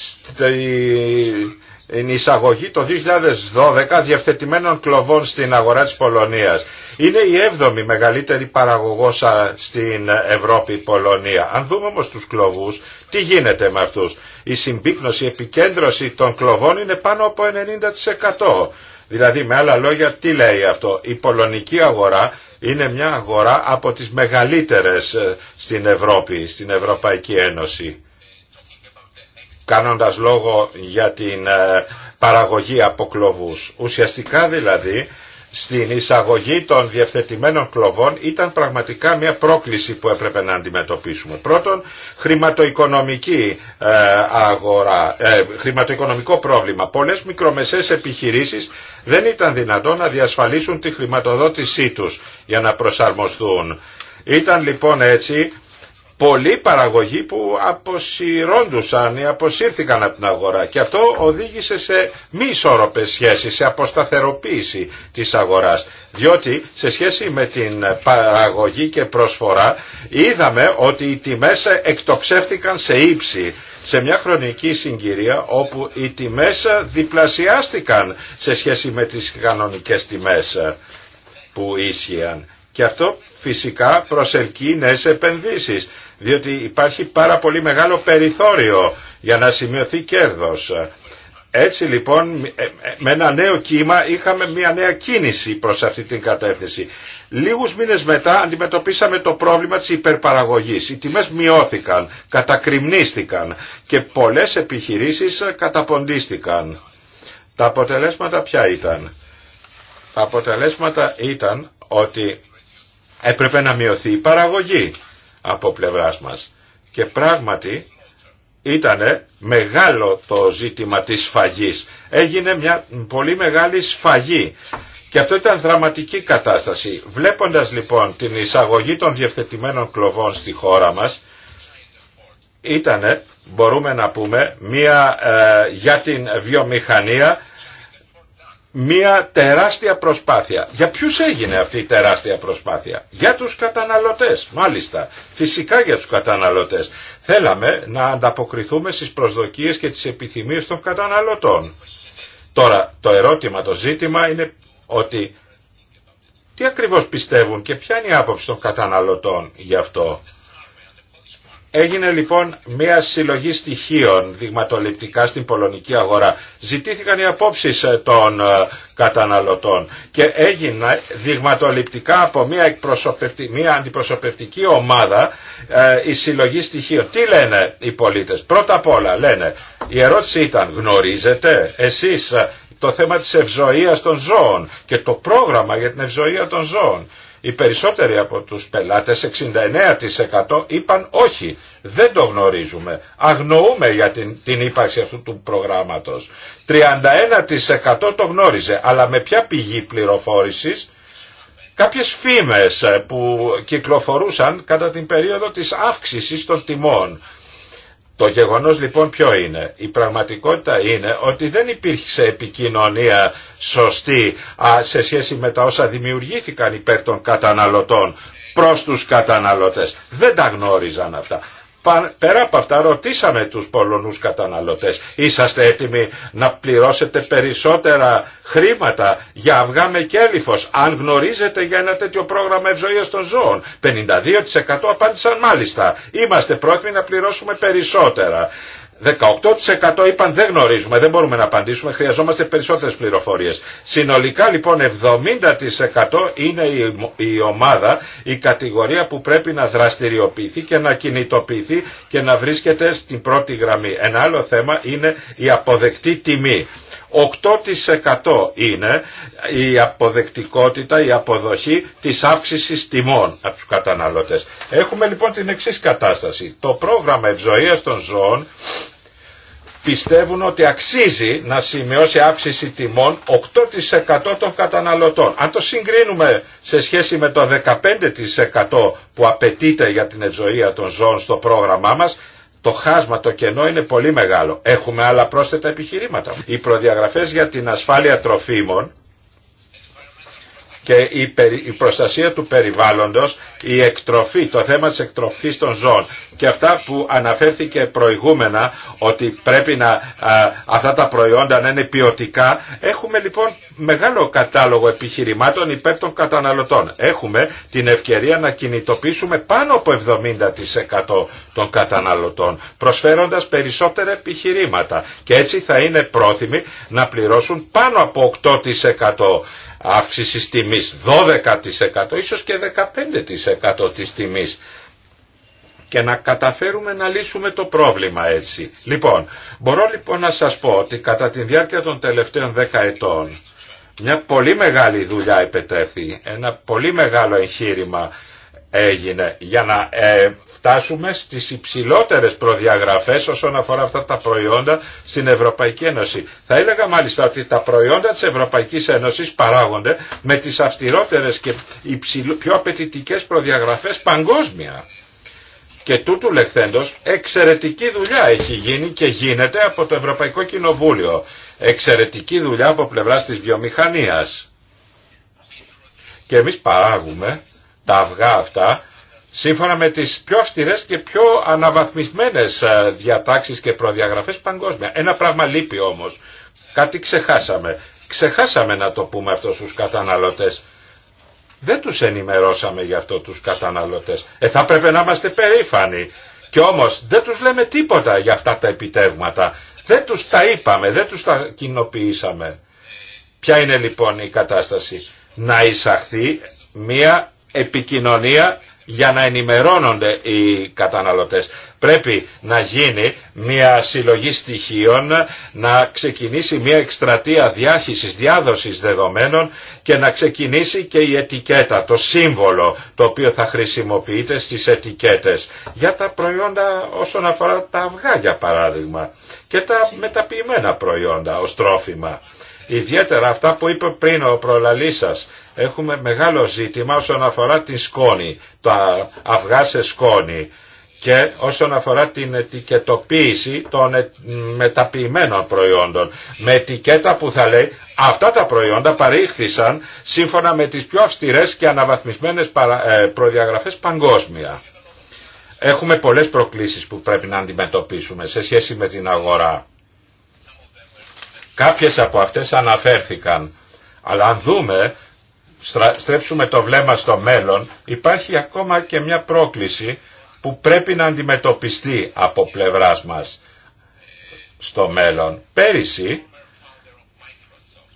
στην εισαγωγή το 2012 διευθετημένων κλοβών στην αγορά της Πολωνίας. Είναι η έβδομη μεγαλύτερη παραγωγός στην Ευρώπη Πολωνία. Αν δούμε όμως τους κλοβούς, τι γίνεται με αυτούς. Η συμπίκνωση, η επικέντρωση των κλοβών είναι πάνω από 90%. Δηλαδή με άλλα λόγια τι λέει αυτό. Η πολωνική αγορά είναι μια αγορά από τις μεγαλύτερες ε, στην Ευρώπη, στην Ευρωπαϊκή Ένωση κάνοντας λόγο για την ε, παραγωγή από κλωβούς. Ουσιαστικά δηλαδή στην εισαγωγή των διευθετημένων κλωβών ήταν πραγματικά μια πρόκληση που έπρεπε να αντιμετωπίσουμε. Πρώτον, χρηματοοικονομική ε, αγορά, ε, χρηματοοικονομικό πρόβλημα. Πολλές μικρομεσαίες επιχειρήσεις δεν ήταν δυνατόν να διασφαλίσουν τη χρηματοδότησή τους για να προσαρμοστούν. Ήταν λοιπόν έτσι πολλοί παραγωγοί που αποσυρώντουσαν ή αποσύρθηκαν από την αγορά και αυτό οδήγησε σε μη ισόρροπες σχέσεις, σε αποσταθεροποίηση της αγοράς. Διότι σε σχέση με την παραγωγή και προσφορά είδαμε ότι οι τιμές εκτοξεύτηκαν σε ύψη σε μια χρονική συγκυρία όπου οι τιμές διπλασιάστηκαν σε σχέση με τις κανονικές τιμές που ίσχυαν. Και αυτό φυσικά προσελκύει νέες επενδύσεις διότι υπάρχει πάρα πολύ μεγάλο περιθώριο για να σημειωθεί κέρδος. Έτσι λοιπόν ε, ε, με ένα νέο κύμα είχαμε μια νέα κίνηση προς αυτή την κατεύθυνση. Λίγους μήνες μετά αντιμετωπίσαμε το πρόβλημα της υπερπαραγωγής. Οι τιμές μειώθηκαν, κατακριμνίστηκαν και πολλές επιχειρήσεις καταποντίστηκαν. Τα αποτελέσματα ποια ήταν. Τα αποτελέσματα ήταν ότι έπρεπε να μειωθεί η παραγωγή από πλευράς μας. Και πράγματι ήταν μεγάλο το ζήτημα της σφαγής. Έγινε μια πολύ μεγάλη σφαγή. Και αυτό ήταν δραματική κατάσταση. Βλέποντας λοιπόν την εισαγωγή των διευθετημένων κλοβών στη χώρα μας, ήταν, μπορούμε να πούμε, μία ε, για την βιομηχανία μία τεράστια προσπάθεια. Για ποιους έγινε αυτή η τεράστια προσπάθεια. Για τους καταναλωτές, μάλιστα. Φυσικά για τους καταναλωτές. Θέλαμε να ανταποκριθούμε στις προσδοκίες και τις επιθυμίες των καταναλωτών. Τώρα το ερώτημα, το ζήτημα είναι ότι τι ακριβώς πιστεύουν και ποια είναι η άποψη των καταναλωτών γι' αυτό. Έγινε λοιπόν μια συλλογή στοιχείων δειγματοληπτικά στην πολωνική αγορά. Ζητήθηκαν οι απόψεις ε, των ε, καταναλωτών και έγινε δειγματοληπτικά από μια, μια αντιπροσωπευτική ομάδα ε, η συλλογή στοιχείων. Τι λένε οι πολίτες. Πρώτα απ' όλα λένε η ερώτηση ήταν γνωρίζετε εσείς το θέμα της ευζωίας των ζώων και το πρόγραμμα για την ευζοία των ζώων. Οι περισσότεροι από τους πελάτες, 69% είπαν όχι, δεν το γνωρίζουμε, αγνοούμε για την, την ύπαρξη αυτού του προγράμματος. 31% το γνώριζε, αλλά με ποια πηγή πληροφόρησης, κάποιες φήμες ε, που κυκλοφορούσαν κατά την περίοδο της αύξησης των τιμών το γεγονός λοιπόν ποιο είναι. Η πραγματικότητα είναι ότι δεν υπήρξε επικοινωνία σωστή σε σχέση με τα όσα δημιουργήθηκαν υπέρ των καταναλωτών προς τους καταναλωτές. Δεν τα γνώριζαν αυτά. Πέρα από αυτά ρωτήσαμε τους Πολωνούς καταναλωτές είσαστε έτοιμοι να πληρώσετε περισσότερα χρήματα για αυγά με κέλυφος αν γνωρίζετε για ένα τέτοιο πρόγραμμα ευζοίας των ζώων. 52% απάντησαν μάλιστα είμαστε πρόθυμοι να πληρώσουμε περισσότερα. 18% είπαν δεν γνωρίζουμε, δεν μπορούμε να απαντήσουμε, χρειαζόμαστε περισσότερες πληροφορίες. Συνολικά λοιπόν 70% είναι η ομάδα, η κατηγορία που πρέπει να δραστηριοποιηθεί και να κινητοποιηθεί και να βρίσκεται στην πρώτη γραμμή. Ένα άλλο θέμα είναι η αποδεκτή τιμή. 8% είναι η αποδεκτικότητα, η αποδοχή της αύξησης τιμών από τους καταναλωτές. Έχουμε λοιπόν την εξής κατάσταση. Το πρόγραμμα ευζοίας των ζώων πιστεύουν ότι αξίζει να σημειώσει αύξηση τιμών 8% των καταναλωτών. Αν το συγκρίνουμε σε σχέση με το 15% που απαιτείται για την ευζοία των ζώων στο πρόγραμμά μας, το χάσμα, το κενό είναι πολύ μεγάλο. Έχουμε άλλα πρόσθετα επιχειρήματα. Οι προδιαγραφές για την ασφάλεια τροφίμων και η προστασία του περιβάλλοντος, η εκτροφή, το θέμα της εκτροφής των ζώων και αυτά που αναφέρθηκε προηγούμενα ότι πρέπει να αυτά τα προϊόντα να είναι ποιοτικά. Έχουμε λοιπόν μεγάλο κατάλογο επιχειρημάτων υπέρ των καταναλωτών. Έχουμε την ευκαιρία να κινητοποιήσουμε πάνω από 70% των καταναλωτών, προσφέροντας περισσότερα επιχειρήματα. Και έτσι θα είναι πρόθυμοι να πληρώσουν πάνω από 8% αύξησης τιμής, 12% ίσως και 15% της τιμής και να καταφέρουμε να λύσουμε το πρόβλημα έτσι. Λοιπόν, μπορώ λοιπόν να σας πω ότι κατά τη διάρκεια των τελευταίων 10 ετών μια πολύ μεγάλη δουλειά επιτρέφει, ένα πολύ μεγάλο εγχείρημα έγινε για να ε, φτάσουμε στις υψηλότερες προδιαγραφές όσον αφορά αυτά τα προϊόντα στην Ευρωπαϊκή Ένωση. Θα έλεγα μάλιστα ότι τα προϊόντα της Ευρωπαϊκής Ένωσης παράγονται με τις αυστηρότερες και πιο απαιτητικέ προδιαγραφές παγκόσμια. Και τούτου λεχθέντος εξαιρετική δουλειά έχει γίνει και γίνεται από το Ευρωπαϊκό Κοινοβούλιο εξαιρετική δουλειά από πλευράς της βιομηχανίας. Και εμείς παράγουμε τα αυγά αυτά σύμφωνα με τις πιο αυστηρές και πιο αναβαθμισμένες ε, διατάξεις και προδιαγραφές παγκόσμια. Ένα πράγμα λείπει όμως. Κάτι ξεχάσαμε. Ξεχάσαμε να το πούμε αυτό στους καταναλωτές. Δεν τους ενημερώσαμε γι' αυτό τους καταναλωτές. Ε, θα πρέπει να είμαστε περήφανοι. Και όμως δεν τους λέμε τίποτα για αυτά τα επιτεύγματα. Δεν τους τα είπαμε, δεν τους τα κοινοποιήσαμε. Ποια είναι λοιπόν η κατάσταση. Να εισαχθεί μια επικοινωνία για να ενημερώνονται οι καταναλωτές. Πρέπει να γίνει μια συλλογή στοιχείων, να ξεκινήσει μια εκστρατεία διάχυσης, διάδοσης δεδομένων και να ξεκινήσει και η ετικέτα, το σύμβολο το οποίο θα χρησιμοποιείται στις ετικέτες για τα προϊόντα όσον αφορά τα αυγά για παράδειγμα και τα μεταποιημένα προϊόντα ως τρόφιμα. Ιδιαίτερα αυτά που είπε πριν ο προλαλής σας. Έχουμε μεγάλο ζήτημα όσον αφορά την σκόνη, τα αυγά σε σκόνη και όσον αφορά την ετικετοποίηση των ε, μεταποιημένων προϊόντων με ετικέτα που θα λέει αυτά τα προϊόντα παρήχθησαν σύμφωνα με τις πιο αυστηρές και αναβαθμισμένες ε, προδιαγραφές παγκόσμια. Έχουμε πολλές προκλήσεις που πρέπει να αντιμετωπίσουμε σε σχέση με την αγορά Κάποιες από αυτές αναφέρθηκαν. Αλλά αν δούμε, στρέψουμε το βλέμμα στο μέλλον, υπάρχει ακόμα και μια πρόκληση που πρέπει να αντιμετωπιστεί από πλευράς μας στο μέλλον. Πέρυσι,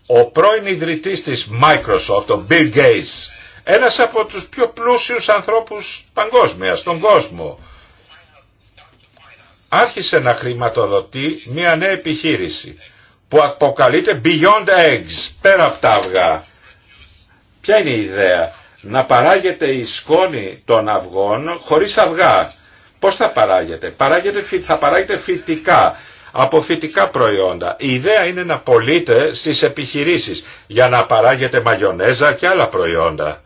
ο πρώην ιδρυτής της Microsoft, ο Bill Gates, ένας από τους πιο πλούσιους ανθρώπους παγκόσμια, στον κόσμο, άρχισε να χρηματοδοτεί μια νέα επιχείρηση που αποκαλείται Beyond Eggs, πέρα από τα αυγά. Ποια είναι η ιδέα, να παράγεται η σκόνη των αυγών χωρίς αυγά. Πώς θα παράγεται, θα παράγεται φυτικά, από φυτικά προϊόντα. Η ιδέα είναι να πωλείται στις επιχειρήσεις για να παράγεται μαγιονέζα και άλλα προϊόντα.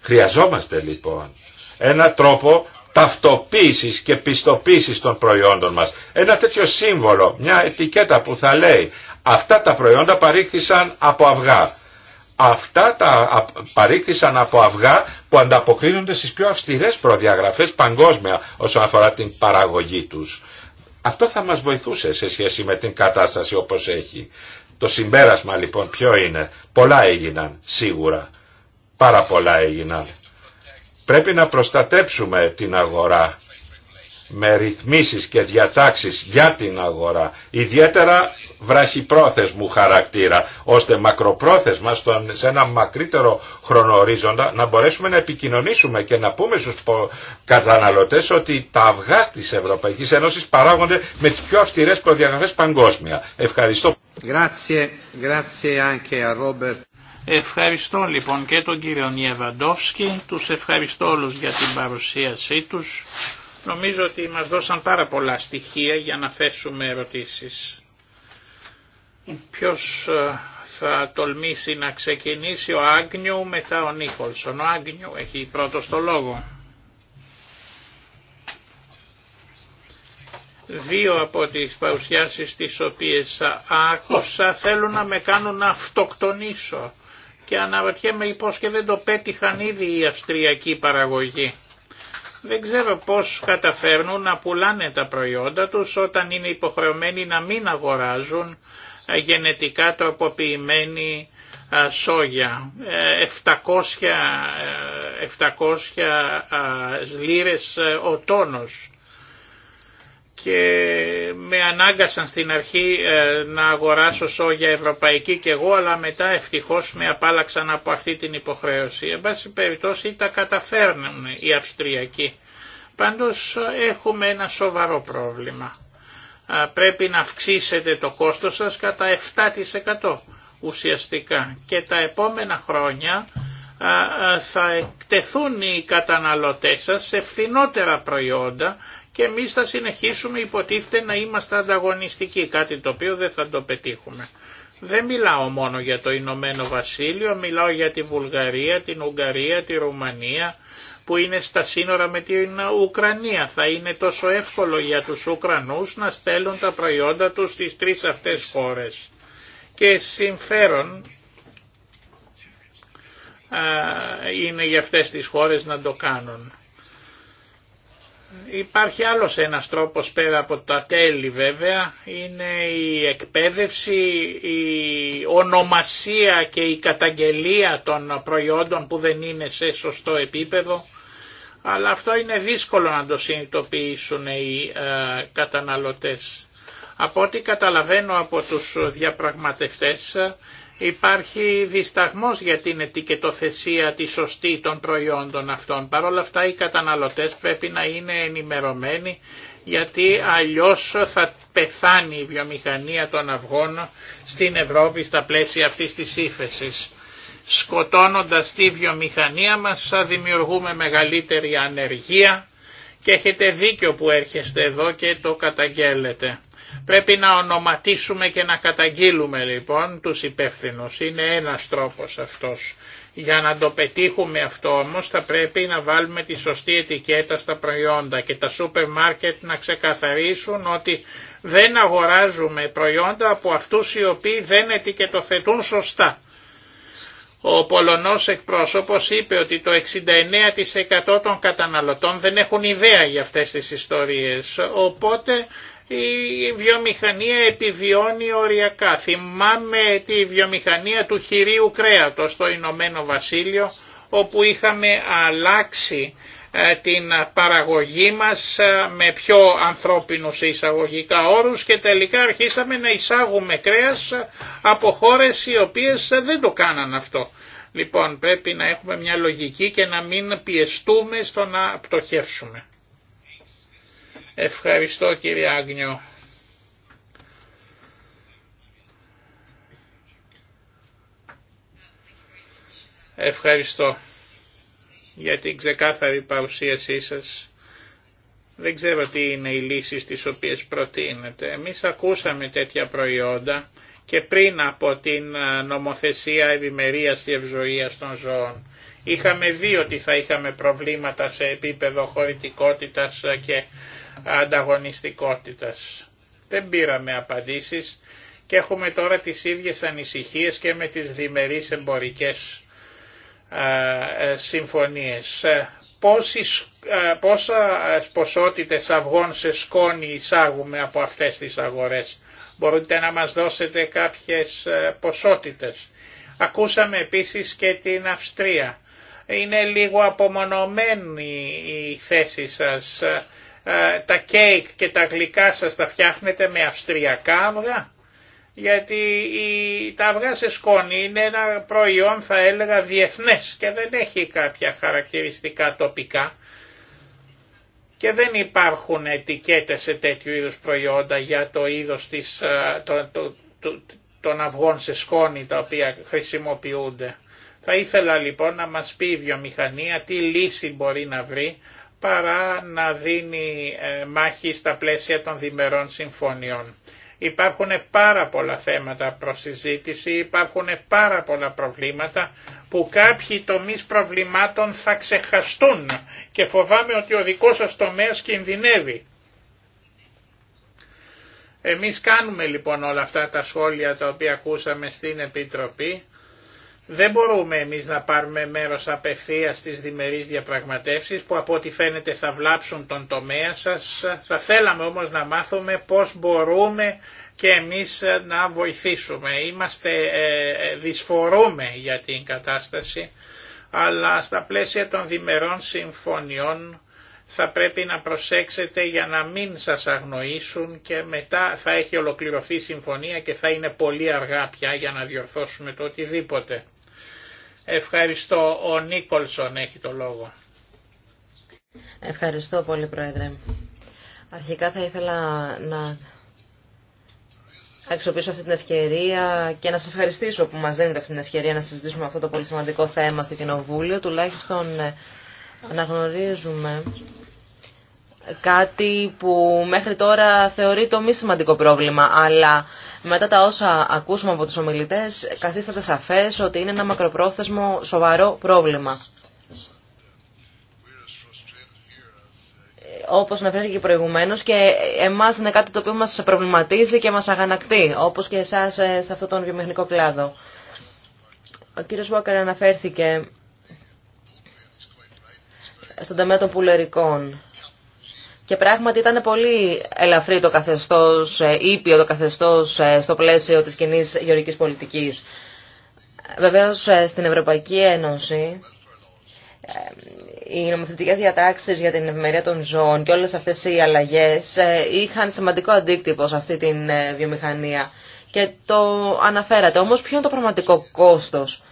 Χρειαζόμαστε λοιπόν ένα τρόπο ταυτοποίησης και πιστοποίησης των προϊόντων μας. Ένα τέτοιο σύμβολο, μια ετικέτα που θα λέει αυτά τα προϊόντα παρήχθησαν από αυγά. Αυτά τα παρήχθησαν από αυγά που ανταποκρίνονται στις πιο αυστηρές προδιαγραφές παγκόσμια όσον αφορά την παραγωγή τους. Αυτό θα μας βοηθούσε σε σχέση με την κατάσταση όπως έχει. Το συμπέρασμα λοιπόν ποιο είναι. Πολλά έγιναν σίγουρα. Πάρα πολλά έγιναν. Πρέπει να προστατέψουμε την αγορά με ρυθμίσεις και διατάξεις για την αγορά, ιδιαίτερα βραχυπρόθεσμου χαρακτήρα, ώστε μακροπρόθεσμα σε ένα μακρύτερο χρονορίζοντα να μπορέσουμε να επικοινωνήσουμε και να πούμε στους καταναλωτές ότι τα αυγά της Ευρωπαϊκής Ένωσης παράγονται με τις πιο αυστηρές προδιαγραφές παγκόσμια. Ευχαριστώ. Grazie, grazie anche a Robert. Ευχαριστώ λοιπόν και τον κύριο Νιεβαντόφσκι, τους ευχαριστώ όλους για την παρουσίασή τους. Νομίζω ότι μας δώσαν πάρα πολλά στοιχεία για να θέσουμε ερωτήσεις. Ποιος ε, θα τολμήσει να ξεκινήσει ο Άγνιου μετά ο Νίκολσον. Ο Άγνιου έχει πρώτος το λόγο. Δύο από τις παρουσιάσεις τις οποίες άκουσα θέλουν να με κάνουν να αυτοκτονήσω και αναρωτιέμαι πώς και δεν το πέτυχαν ήδη οι αυστριακοί παραγωγοί. Δεν ξέρω πώς καταφέρνουν να πουλάνε τα προϊόντα τους όταν είναι υποχρεωμένοι να μην αγοράζουν ε, γενετικά τροποποιημένη ε, σόγια. 700, ε, 700 λίρες ο τόνος και με ανάγκασαν στην αρχή ε, να αγοράσω σόγια ευρωπαϊκή και εγώ αλλά μετά ευτυχώς με απάλαξαν από αυτή την υποχρέωση. Εν πάση περιπτώσει τα καταφέρνουν οι Αυστριακοί. Πάντως έχουμε ένα σοβαρό πρόβλημα. Πρέπει να αυξήσετε το κόστος σας κατά 7% ουσιαστικά και τα επόμενα χρόνια θα εκτεθούν οι καταναλωτές σας σε φθηνότερα προϊόντα και εμεί θα συνεχίσουμε υποτίθεται να είμαστε ανταγωνιστικοί, κάτι το οποίο δεν θα το πετύχουμε. Δεν μιλάω μόνο για το Ηνωμένο Βασίλειο, μιλάω για τη Βουλγαρία, την Ουγγαρία, τη Ρουμανία που είναι στα σύνορα με την Ουκρανία. Θα είναι τόσο εύκολο για τους Ουκρανούς να στέλνουν τα προϊόντα τους στις τρεις αυτές χώρες. Και συμφέρον είναι για αυτές τις χώρες να το κάνουν. Υπάρχει άλλος ένας τρόπος πέρα από τα τέλη βέβαια, είναι η εκπαίδευση, η ονομασία και η καταγγελία των προϊόντων που δεν είναι σε σωστό επίπεδο, αλλά αυτό είναι δύσκολο να το συνειδητοποιήσουν οι ε, καταναλωτές. Από ό,τι καταλαβαίνω από τους διαπραγματευτές, Υπάρχει δισταγμός για την ετικετοθεσία τη σωστή των προϊόντων αυτών. Παρ' όλα αυτά οι καταναλωτές πρέπει να είναι ενημερωμένοι γιατί αλλιώς θα πεθάνει η βιομηχανία των αυγών στην Ευρώπη στα πλαίσια αυτής της ύφεση. Σκοτώνοντας τη βιομηχανία μας θα δημιουργούμε μεγαλύτερη ανεργία και έχετε δίκιο που έρχεστε εδώ και το καταγγέλλετε. Πρέπει να ονοματίσουμε και να καταγγείλουμε λοιπόν τους υπεύθυνους. Είναι ένας τρόπος αυτός. Για να το πετύχουμε αυτό όμως θα πρέπει να βάλουμε τη σωστή ετικέτα στα προϊόντα και τα σούπερ μάρκετ να ξεκαθαρίσουν ότι δεν αγοράζουμε προϊόντα από αυτούς οι οποίοι δεν ετικετοθετούν σωστά. Ο Πολωνός εκπρόσωπος είπε ότι το 69% των καταναλωτών δεν έχουν ιδέα για αυτές τις ιστορίες, οπότε η βιομηχανία επιβιώνει οριακά. Θυμάμαι τη βιομηχανία του χειρίου κρέατος στο Ηνωμένο Βασίλειο, όπου είχαμε αλλάξει ε, την παραγωγή μας ε, με πιο ανθρώπινους εισαγωγικά όρους και τελικά αρχίσαμε να εισάγουμε κρέας ε, από χώρες οι οποίες δεν το κάναν αυτό. Λοιπόν πρέπει να έχουμε μια λογική και να μην πιεστούμε στο να πτωχεύσουμε. Ευχαριστώ κύριε Άγνιο. Ευχαριστώ για την ξεκάθαρη παρουσίασή σας. Δεν ξέρω τι είναι οι λύσεις τις οποίες προτείνετε. Εμείς ακούσαμε τέτοια προϊόντα και πριν από την ε, νομοθεσία ευημερία και ευζοίας των ζώων. Είχαμε δει ότι θα είχαμε προβλήματα σε επίπεδο χωρητικότητας και ανταγωνιστικότητας. Δεν πήραμε απαντήσεις και έχουμε τώρα τις ίδιες ανησυχίες και με τις διμερείς εμπορικές ε, ε, συμφωνίες. Ε, Πόσες, πόσα ποσότητες αυγών σε σκόνη εισάγουμε από αυτές τις αγορές. Μπορείτε να μας δώσετε κάποιες ποσότητες. Ακούσαμε επίσης και την Αυστρία. Είναι λίγο απομονωμένη η θέση σας. Τα κέικ και τα γλυκά σας τα φτιάχνετε με αυστριακά αυγά γιατί η, τα αυγά σε σκόνη είναι ένα προϊόν θα έλεγα διεθνές και δεν έχει κάποια χαρακτηριστικά τοπικά και δεν υπάρχουν ετικέτες σε τέτοιου είδους προϊόντα για το είδος της, το, το, το, των αυγών σε σκόνη τα οποία χρησιμοποιούνται. Θα ήθελα λοιπόν να μας πει η βιομηχανία τι λύση μπορεί να βρει παρά να δίνει ε, μάχη στα πλαίσια των διμερών συμφωνιών. Υπάρχουν πάρα πολλά θέματα προς συζήτηση, υπάρχουν πάρα πολλά προβλήματα που κάποιοι τομείς προβλημάτων θα ξεχαστούν και φοβάμαι ότι ο δικός σας τομέας κινδυνεύει. Εμείς κάνουμε λοιπόν όλα αυτά τα σχόλια τα οποία ακούσαμε στην Επιτροπή δεν μπορούμε εμείς να πάρουμε μέρος απευθείας στις διμερείς διαπραγματεύσεις που από ό,τι φαίνεται θα βλάψουν τον τομέα σας. Θα θέλαμε όμως να μάθουμε πώς μπορούμε και εμείς να βοηθήσουμε. Είμαστε, ε, δυσφορούμε για την κατάσταση, αλλά στα πλαίσια των δημερών συμφωνιών θα πρέπει να προσέξετε για να μην σας αγνοήσουν και μετά θα έχει ολοκληρωθεί η συμφωνία και θα είναι πολύ αργά πια για να διορθώσουμε το οτιδήποτε. Ευχαριστώ. Ο Νίκολσον έχει το λόγο. Ευχαριστώ πολύ, Πρόεδρε. Αρχικά θα ήθελα να αξιοποιήσω αυτή την ευκαιρία και να σας ευχαριστήσω που μας δίνετε αυτή την ευκαιρία να συζητήσουμε αυτό το πολύ σημαντικό θέμα στο Κοινοβούλιο. Τουλάχιστον ε, να γνωρίζουμε κάτι που μέχρι τώρα θεωρεί το μη σημαντικό πρόβλημα, αλλά μετά τα όσα ακούσουμε από τους ομιλητές, καθίσταται σαφές ότι είναι ένα μακροπρόθεσμο σοβαρό πρόβλημα. Όπω αναφέρθηκε προηγουμένω και εμά είναι κάτι το οποίο μα προβληματίζει και μα αγανακτεί, όπω και εσά ε, σε αυτόν τον βιομηχανικό κλάδο. Ο κύριο Βόκαρ αναφέρθηκε στον τομέα των πουλερικών. Και πράγματι ήταν πολύ ελαφρύ το καθεστώς, ε, ήπιο το καθεστώς ε, στο πλαίσιο της κοινή γεωργικής πολιτικής. Βεβαίως ε, στην Ευρωπαϊκή Ένωση οι νομοθετικές διατάξεις για την ευημερία των ζώων και όλες αυτές οι αλλαγές είχαν σημαντικό αντίκτυπο σε αυτή την βιομηχανία. Και το αναφέρατε. Όμως ποιο είναι το πραγματικό κόστος.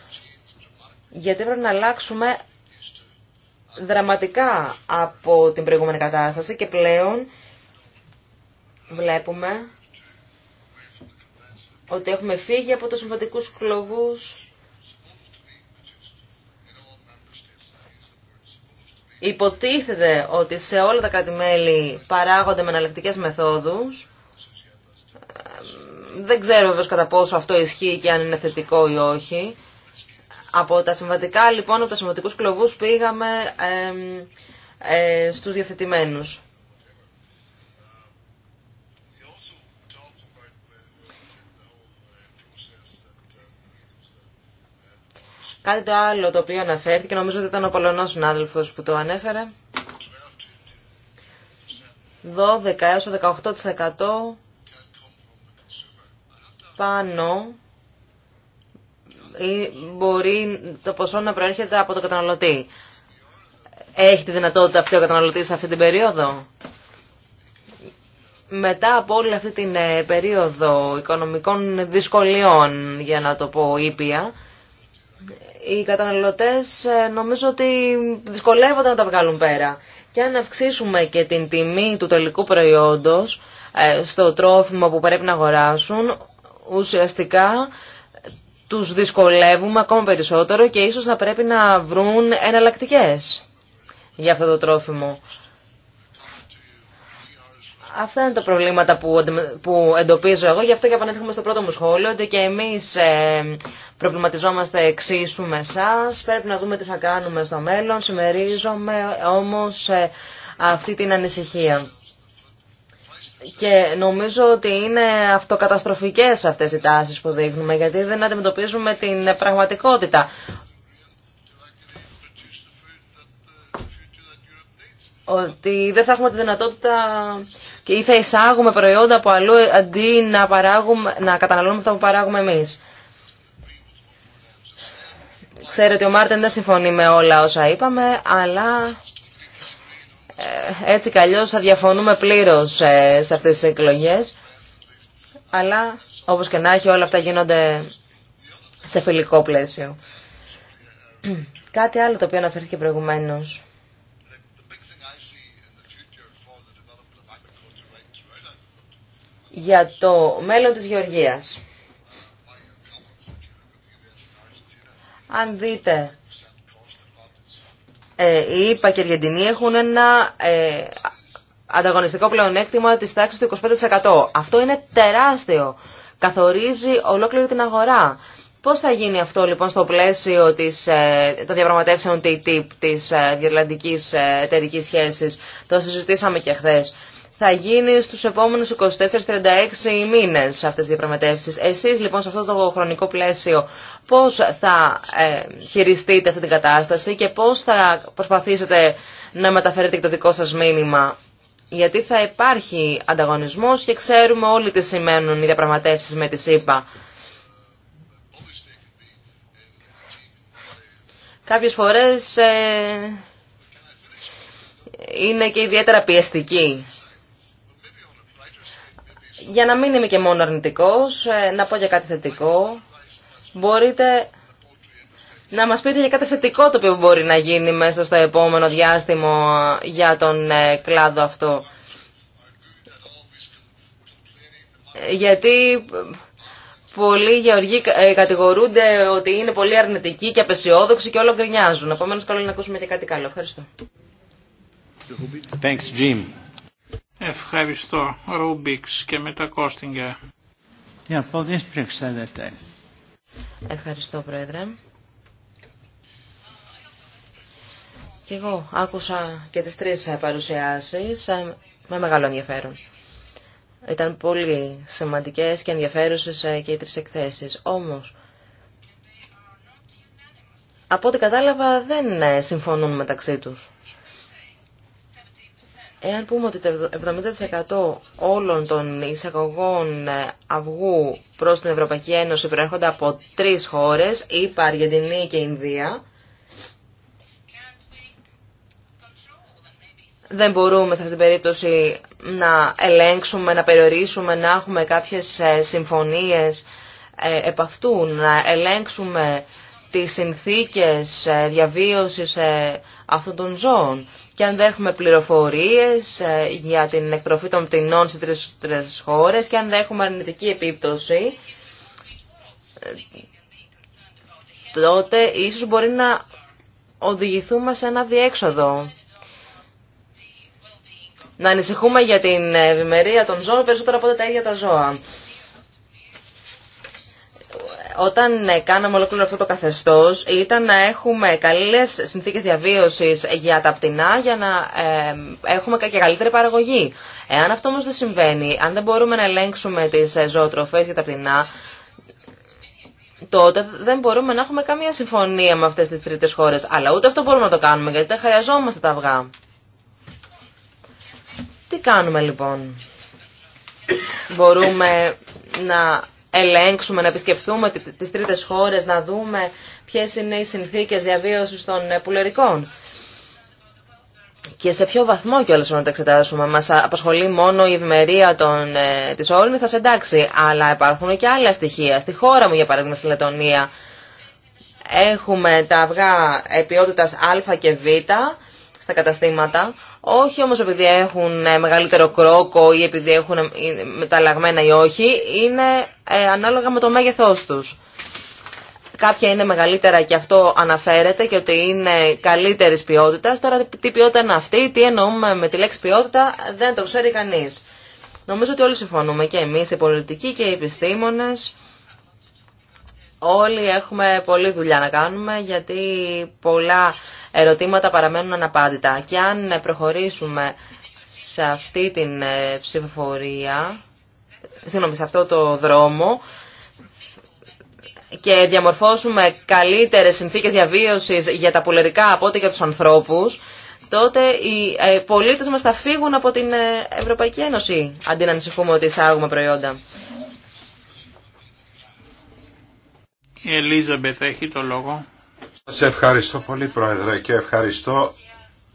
Γιατί πρέπει να αλλάξουμε δραματικά από την προηγούμενη κατάσταση και πλέον βλέπουμε ότι έχουμε φύγει από τους συμβατικούς κλωβούς Υποτίθεται ότι σε όλα τα κράτη-μέλη παράγονται με αναλεκτικές μεθόδους. Δεν ξέρω βέβαια κατά πόσο αυτό ισχύει και αν είναι θετικό ή όχι. Από τα σημαντικά, λοιπόν, από τα συμβατικούς κλωβούς πήγαμε ε, ε, στους διαθετημένους. Κάτι το άλλο το οποίο αναφέρθηκε, νομίζω ότι ήταν ο Πολωνός συνάδελφος που το ανέφερε. 12 έως 18% πάνω ή μπορεί το ποσό να προέρχεται από τον καταναλωτή. Έχει τη δυνατότητα αυτή ο καταναλωτής σε αυτή την περίοδο. Μετά από όλη αυτή την ε, περίοδο οικονομικών δυσκολιών, για να το πω ήπια, οι καταναλωτές ε, νομίζω ότι δυσκολεύονται να τα βγάλουν πέρα. Και αν αυξήσουμε και την τιμή του τελικού προϊόντος ε, στο τρόφιμο που πρέπει να αγοράσουν, ουσιαστικά τους δυσκολεύουμε ακόμα περισσότερο και ίσως θα πρέπει να βρουν εναλλακτικέ για αυτό το τρόφιμο. Αυτά είναι τα προβλήματα που εντοπίζω εγώ, γι' αυτό και επανέρχομαι στο πρώτο μου σχόλιο, ότι και εμείς ε, προβληματιζόμαστε εξίσου με πρέπει να δούμε τι θα κάνουμε στο μέλλον, συμμερίζομαι όμως ε, αυτή την ανησυχία. Και νομίζω ότι είναι αυτοκαταστροφικές αυτές οι τάσεις που δείχνουμε, γιατί δεν αντιμετωπίζουμε την πραγματικότητα. Ότι δεν θα έχουμε τη δυνατότητα και ή θα εισάγουμε προϊόντα από αλλού αντί να, παράγουμε, να καταναλώνουμε αυτά που παράγουμε εμείς. Ξέρω ότι ο Μάρτεν δεν συμφωνεί με όλα όσα είπαμε, αλλά ε, έτσι κι θα διαφωνούμε πλήρως ε, σε αυτές τις εκλογές. Αλλά όπως και να έχει όλα αυτά γίνονται σε φιλικό πλαίσιο. Κάτι άλλο το οποίο αναφέρθηκε προηγουμένως. για το μέλλον της Γεωργίας. Αν δείτε οι ε, ΙΠΑ και έχουν ένα ε, ανταγωνιστικό πλεονέκτημα της τάξης του 25%. Αυτό είναι τεράστιο. Καθορίζει ολόκληρη την αγορά. Πώς θα γίνει αυτό λοιπόν στο πλαίσιο της, ε, των διαπραγματεύσεων TTIP, της ε, ε, εταιρικής σχέσης, το συζητήσαμε και χθες θα γίνει στους επόμενους 24-36 μήνες αυτές τις διαπραγματεύσεις. Εσείς λοιπόν σε αυτό το χρονικό πλαίσιο πώς θα ε, χειριστείτε αυτή την κατάσταση και πώς θα προσπαθήσετε να μεταφέρετε και το δικό σας μήνυμα. Γιατί θα υπάρχει ανταγωνισμός και ξέρουμε όλοι τι σημαίνουν οι διαπραγματεύσεις με τη ΣΥΠΑ. Κάποιες φορές ε, είναι και ιδιαίτερα πιεστικοί. Για να μην είμαι και μόνο αρνητικός, ε, να πω για κάτι θετικό. Μπορείτε να μας πείτε για κάτι θετικό το οποίο μπορεί να γίνει μέσα στο επόμενο διάστημα για τον ε, κλάδο αυτό. Γιατί πολλοί γεωργοί ε, κατηγορούνται ότι είναι πολύ αρνητικοί και απεσιόδοξοι και όλο γκρινιάζουν. Επομένως καλό είναι να ακούσουμε και κάτι καλό. Ευχαριστώ. Thanks, Jim. Ευχαριστώ. Ρούμπιξ και μετά Κόστιγκερ. Ευχαριστώ Πρόεδρε. Και εγώ άκουσα και τις τρεις παρουσιάσεις ε, με μεγάλο ενδιαφέρον. Ήταν πολύ σημαντικές και ενδιαφέρουσες ε, και οι τρεις εκθέσεις. Όμως, από ό,τι κατάλαβα δεν ε, συμφωνούν μεταξύ τους. Εάν πούμε ότι το 70% όλων των εισαγωγών αυγού προς την Ευρωπαϊκή Ένωση προέρχονται από τρεις χώρες, ΗΠΑ, Αργεντινή και Ινδία, δεν μπορούμε σε αυτή την περίπτωση να ελέγξουμε, να περιορίσουμε, να έχουμε κάποιες ε, συμφωνίες ε, επ' αυτού, να ελέγξουμε τις συνθήκες ε, διαβίωσης αυτών των ζώων και αν δεν έχουμε πληροφορίες ε, για την εκτροφή των πτηνών σε τρεις χώρες και αν δεν έχουμε αρνητική επίπτωση, ε, τότε ίσως μπορεί να οδηγηθούμε σε ένα διέξοδο. Να ανησυχούμε για την ευημερία των ζώων περισσότερο από τα ίδια τα ζώα όταν ε, κάναμε ολόκληρο αυτό το καθεστώς ήταν να έχουμε καλές συνθήκες διαβίωσης για τα πτηνά για να ε, έχουμε και καλύτερη παραγωγή. Εάν αυτό όμως δεν συμβαίνει, αν δεν μπορούμε να ελέγξουμε τις ε, ζωοτροφές για τα πτηνά, τότε δεν μπορούμε να έχουμε καμία συμφωνία με αυτές τις τρίτες χώρες. Αλλά ούτε αυτό μπορούμε να το κάνουμε γιατί δεν χρειαζόμαστε τα αυγά. Τι κάνουμε λοιπόν. Μπορούμε να ελέγξουμε, να επισκεφθούμε τις τρίτες χώρες, να δούμε ποιες είναι οι συνθήκες διαβίωσης των ε, πουλερικών. Και σε ποιο βαθμό κιόλα να τα εξετάσουμε. Μα απασχολεί μόνο η ευημερία ε, τη όρνηθα, εντάξει. Αλλά υπάρχουν και άλλα στοιχεία. Στη χώρα μου, για παράδειγμα, στη Λετωνία, έχουμε τα αυγά ποιότητα Α και Β στα καταστήματα όχι όμως επειδή έχουν ε, μεγαλύτερο κρόκο ή επειδή έχουν ε, μεταλλαγμένα ή όχι, είναι ε, ανάλογα με το μέγεθός τους. Κάποια είναι μεγαλύτερα και αυτό αναφέρεται και ότι είναι καλύτερης ποιότητας. Τώρα τι ποιότητα είναι αυτή, τι εννοούμε με τη λέξη ποιότητα, δεν το ξέρει κανείς. Νομίζω ότι όλοι συμφωνούμε και εμείς οι πολιτικοί και οι επιστήμονες. Όλοι έχουμε πολλή δουλειά να κάνουμε γιατί πολλά ερωτήματα παραμένουν αναπάντητα. Και αν προχωρήσουμε σε αυτή την ε, ψηφοφορία, συγγνώμη, σε αυτό το δρόμο, και διαμορφώσουμε καλύτερες συνθήκες διαβίωσης για τα πουλερικά από ό,τι για τους ανθρώπους, τότε οι ε, πολίτες μας θα φύγουν από την ε, Ευρωπαϊκή Ένωση, αντί να ανησυχούμε ότι εισάγουμε προϊόντα. Η Ελίζαμπεθ έχει το λόγο. Σε ευχαριστώ πολύ Πρόεδρε και ευχαριστώ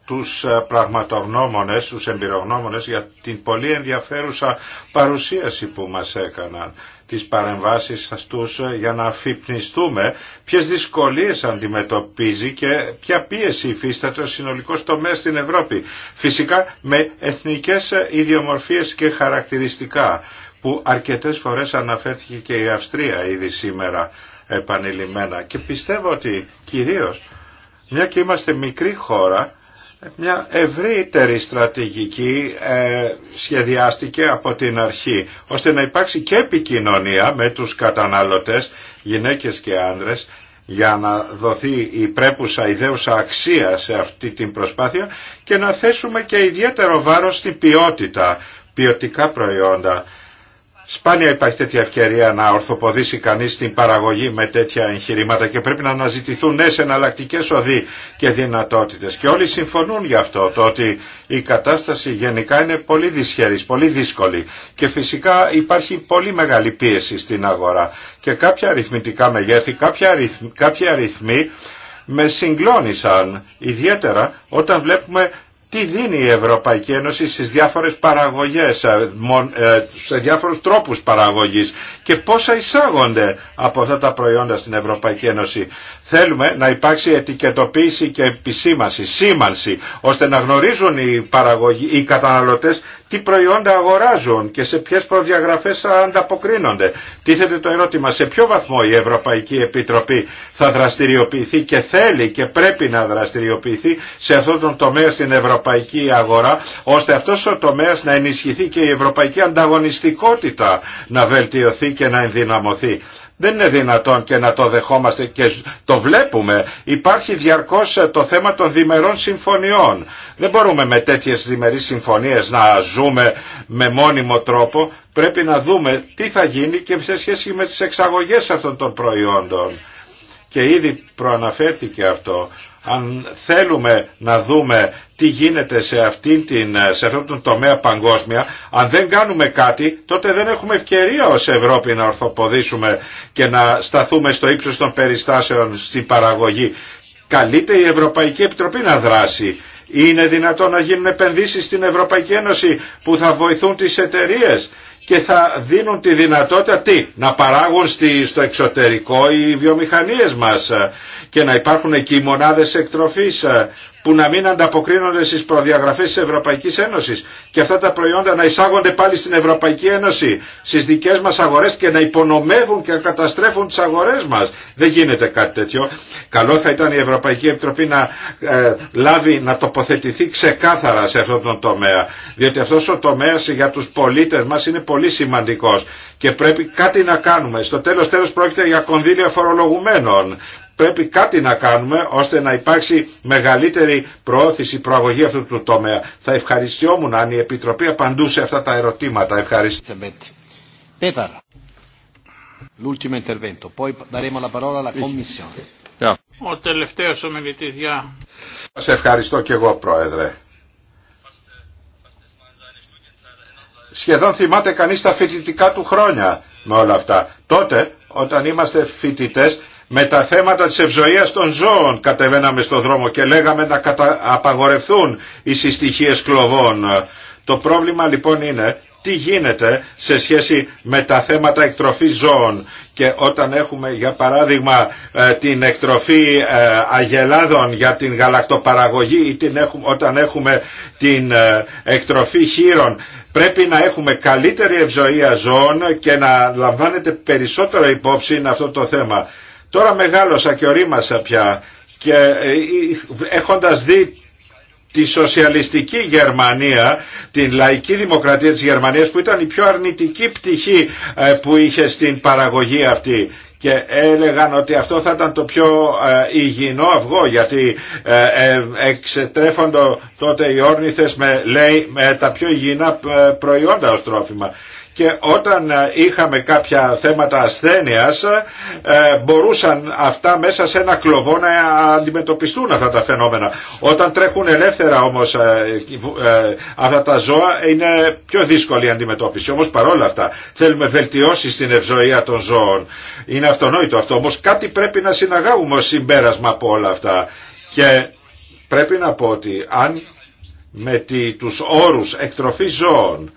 τους ε, πραγματογνώμονες, τους εμπειρογνώμονες για την πολύ ενδιαφέρουσα παρουσίαση που μας έκαναν τις παρεμβάσεις τους ε, για να αφυπνιστούμε ποιες δυσκολίες αντιμετωπίζει και ποια πίεση υφίσταται ο συνολικός τομέας στην Ευρώπη. Φυσικά με εθνικές ε, ιδιομορφίες και χαρακτηριστικά που αρκετές φορές αναφέρθηκε και η Αυστρία ήδη σήμερα επανειλημμένα. Και πιστεύω ότι κυρίως, μια και είμαστε μικρή χώρα, μια ευρύτερη στρατηγική ε, σχεδιάστηκε από την αρχή, ώστε να υπάρξει και επικοινωνία με τους καταναλωτές, γυναίκες και άνδρες, για να δοθεί η πρέπουσα ιδέουσα αξία σε αυτή την προσπάθεια και να θέσουμε και ιδιαίτερο βάρος στην ποιότητα, ποιοτικά προϊόντα Σπάνια υπάρχει τέτοια ευκαιρία να ορθοποδήσει κανεί την παραγωγή με τέτοια εγχειρήματα και πρέπει να αναζητηθούν νέες εναλλακτικέ οδοί και δυνατότητε. Και όλοι συμφωνούν γι' αυτό, το ότι η κατάσταση γενικά είναι πολύ δυσχερή, πολύ δύσκολη και φυσικά υπάρχει πολύ μεγάλη πίεση στην αγορά. Και κάποια αριθμητικά μεγέθη, κάποιοι αριθμοί με συγκλώνησαν, ιδιαίτερα όταν βλέπουμε τι δίνει η Ευρωπαϊκή Ένωση στις διάφορες παραγωγές, ε, ε, σε διάφορους τρόπους παραγωγής και πόσα εισάγονται από αυτά τα προϊόντα στην Ευρωπαϊκή Ένωση. Θέλουμε να υπάρξει ετικετοποίηση και επισήμανση, σήμανση, ώστε να γνωρίζουν οι, παραγωγοί, οι καταναλωτές τι προϊόντα αγοράζουν και σε ποιες προδιαγραφές ανταποκρίνονται. Τίθεται το ερώτημα σε ποιο βαθμό η Ευρωπαϊκή Επιτροπή θα δραστηριοποιηθεί και θέλει και πρέπει να δραστηριοποιηθεί σε αυτόν τον τομέα στην ευρωπαϊκή αγορά ώστε αυτός ο τομέας να ενισχυθεί και η ευρωπαϊκή ανταγωνιστικότητα να βελτιωθεί και να ενδυναμωθεί. Δεν είναι δυνατόν και να το δεχόμαστε και το βλέπουμε. Υπάρχει διαρκώς ε, το θέμα των διμερών συμφωνιών. Δεν μπορούμε με τέτοιες διμερείς συμφωνίες να ζούμε με μόνιμο τρόπο. Πρέπει να δούμε τι θα γίνει και σε σχέση με τις εξαγωγές αυτών των προϊόντων. Και ήδη προαναφέρθηκε αυτό αν θέλουμε να δούμε τι γίνεται σε, αυτήν την, σε αυτόν τον τομέα παγκόσμια, αν δεν κάνουμε κάτι, τότε δεν έχουμε ευκαιρία ως Ευρώπη να ορθοποδήσουμε και να σταθούμε στο ύψος των περιστάσεων στην παραγωγή. Καλείται η Ευρωπαϊκή Επιτροπή να δράσει. Είναι δυνατόν να γίνουν επενδύσεις στην Ευρωπαϊκή Ένωση που θα βοηθούν τις εταιρείες και θα δίνουν τη δυνατότητα τι, να παράγουν στο εξωτερικό οι βιομηχανίες μας και να υπάρχουν εκεί μονάδες εκτροφής που να μην ανταποκρίνονται στις προδιαγραφές της Ευρωπαϊκής Ένωσης και αυτά τα προϊόντα να εισάγονται πάλι στην Ευρωπαϊκή Ένωση, στις δικές μας αγορές και να υπονομεύουν και να καταστρέφουν τις αγορές μας. Δεν γίνεται κάτι τέτοιο. Καλό θα ήταν η Ευρωπαϊκή Επιτροπή να ε, λάβει, να τοποθετηθεί ξεκάθαρα σε αυτόν τον τομέα. Διότι αυτός ο τομέας για τους πολίτες μας είναι πολύ σημαντικός και πρέπει κάτι να κάνουμε. Στο τέλος τέλος πρόκειται για κονδύλια φορολογουμένων πρέπει κάτι να κάνουμε ώστε να υπάρξει μεγαλύτερη προώθηση, προαγωγή αυτού του τομέα. Θα ευχαριστιόμουν αν η Επιτροπή απαντούσε αυτά τα ερωτήματα. Ευχαριστώ. Ο τελευταίος ομιλητής για... Σας ευχαριστώ και εγώ Πρόεδρε. Σχεδόν θυμάται κανείς τα φοιτητικά του χρόνια με όλα αυτά. Τότε όταν είμαστε φοιτητές με τα θέματα της ευζοίας των ζώων κατεβαίναμε στο δρόμο και λέγαμε να κατα... οι συστοιχίες κλοβών. Το πρόβλημα λοιπόν είναι τι γίνεται σε σχέση με τα θέματα εκτροφής ζώων και όταν έχουμε για παράδειγμα ε, την εκτροφή ε, αγελάδων για την γαλακτοπαραγωγή ή την έχουμε, όταν έχουμε την ε, εκτροφή χείρων πρέπει να έχουμε καλύτερη ευζοία ζώων και να λαμβάνεται περισσότερο υπόψη αυτό το θέμα. Τώρα μεγάλωσα και ορίμασα πια και ε, ε, έχοντας δει τη σοσιαλιστική Γερμανία, την λαϊκή δημοκρατία της Γερμανίας που ήταν η πιο αρνητική πτυχή ε, που είχε στην παραγωγή αυτή και έλεγαν ότι αυτό θα ήταν το πιο ε, υγιεινό αυγό γιατί ε, τότε οι όρνηθες με, λέει, με τα πιο υγιεινά προϊόντα ως τρόφιμα και όταν ε, είχαμε κάποια θέματα ασθένειας ε, μπορούσαν αυτά μέσα σε ένα κλωβό να αντιμετωπιστούν αυτά τα φαινόμενα. Όταν τρέχουν ελεύθερα όμως ε, αυτά τα ζώα είναι πιο δύσκολη η αντιμετώπιση. Όμως παρόλα αυτά θέλουμε βελτιώσει στην ευζοία των ζώων. Είναι αυτονόητο αυτό όμως κάτι πρέπει να συναγάγουμε ως συμπέρασμα από όλα αυτά. Και πρέπει να πω ότι αν με τους όρους εκτροφής ζώων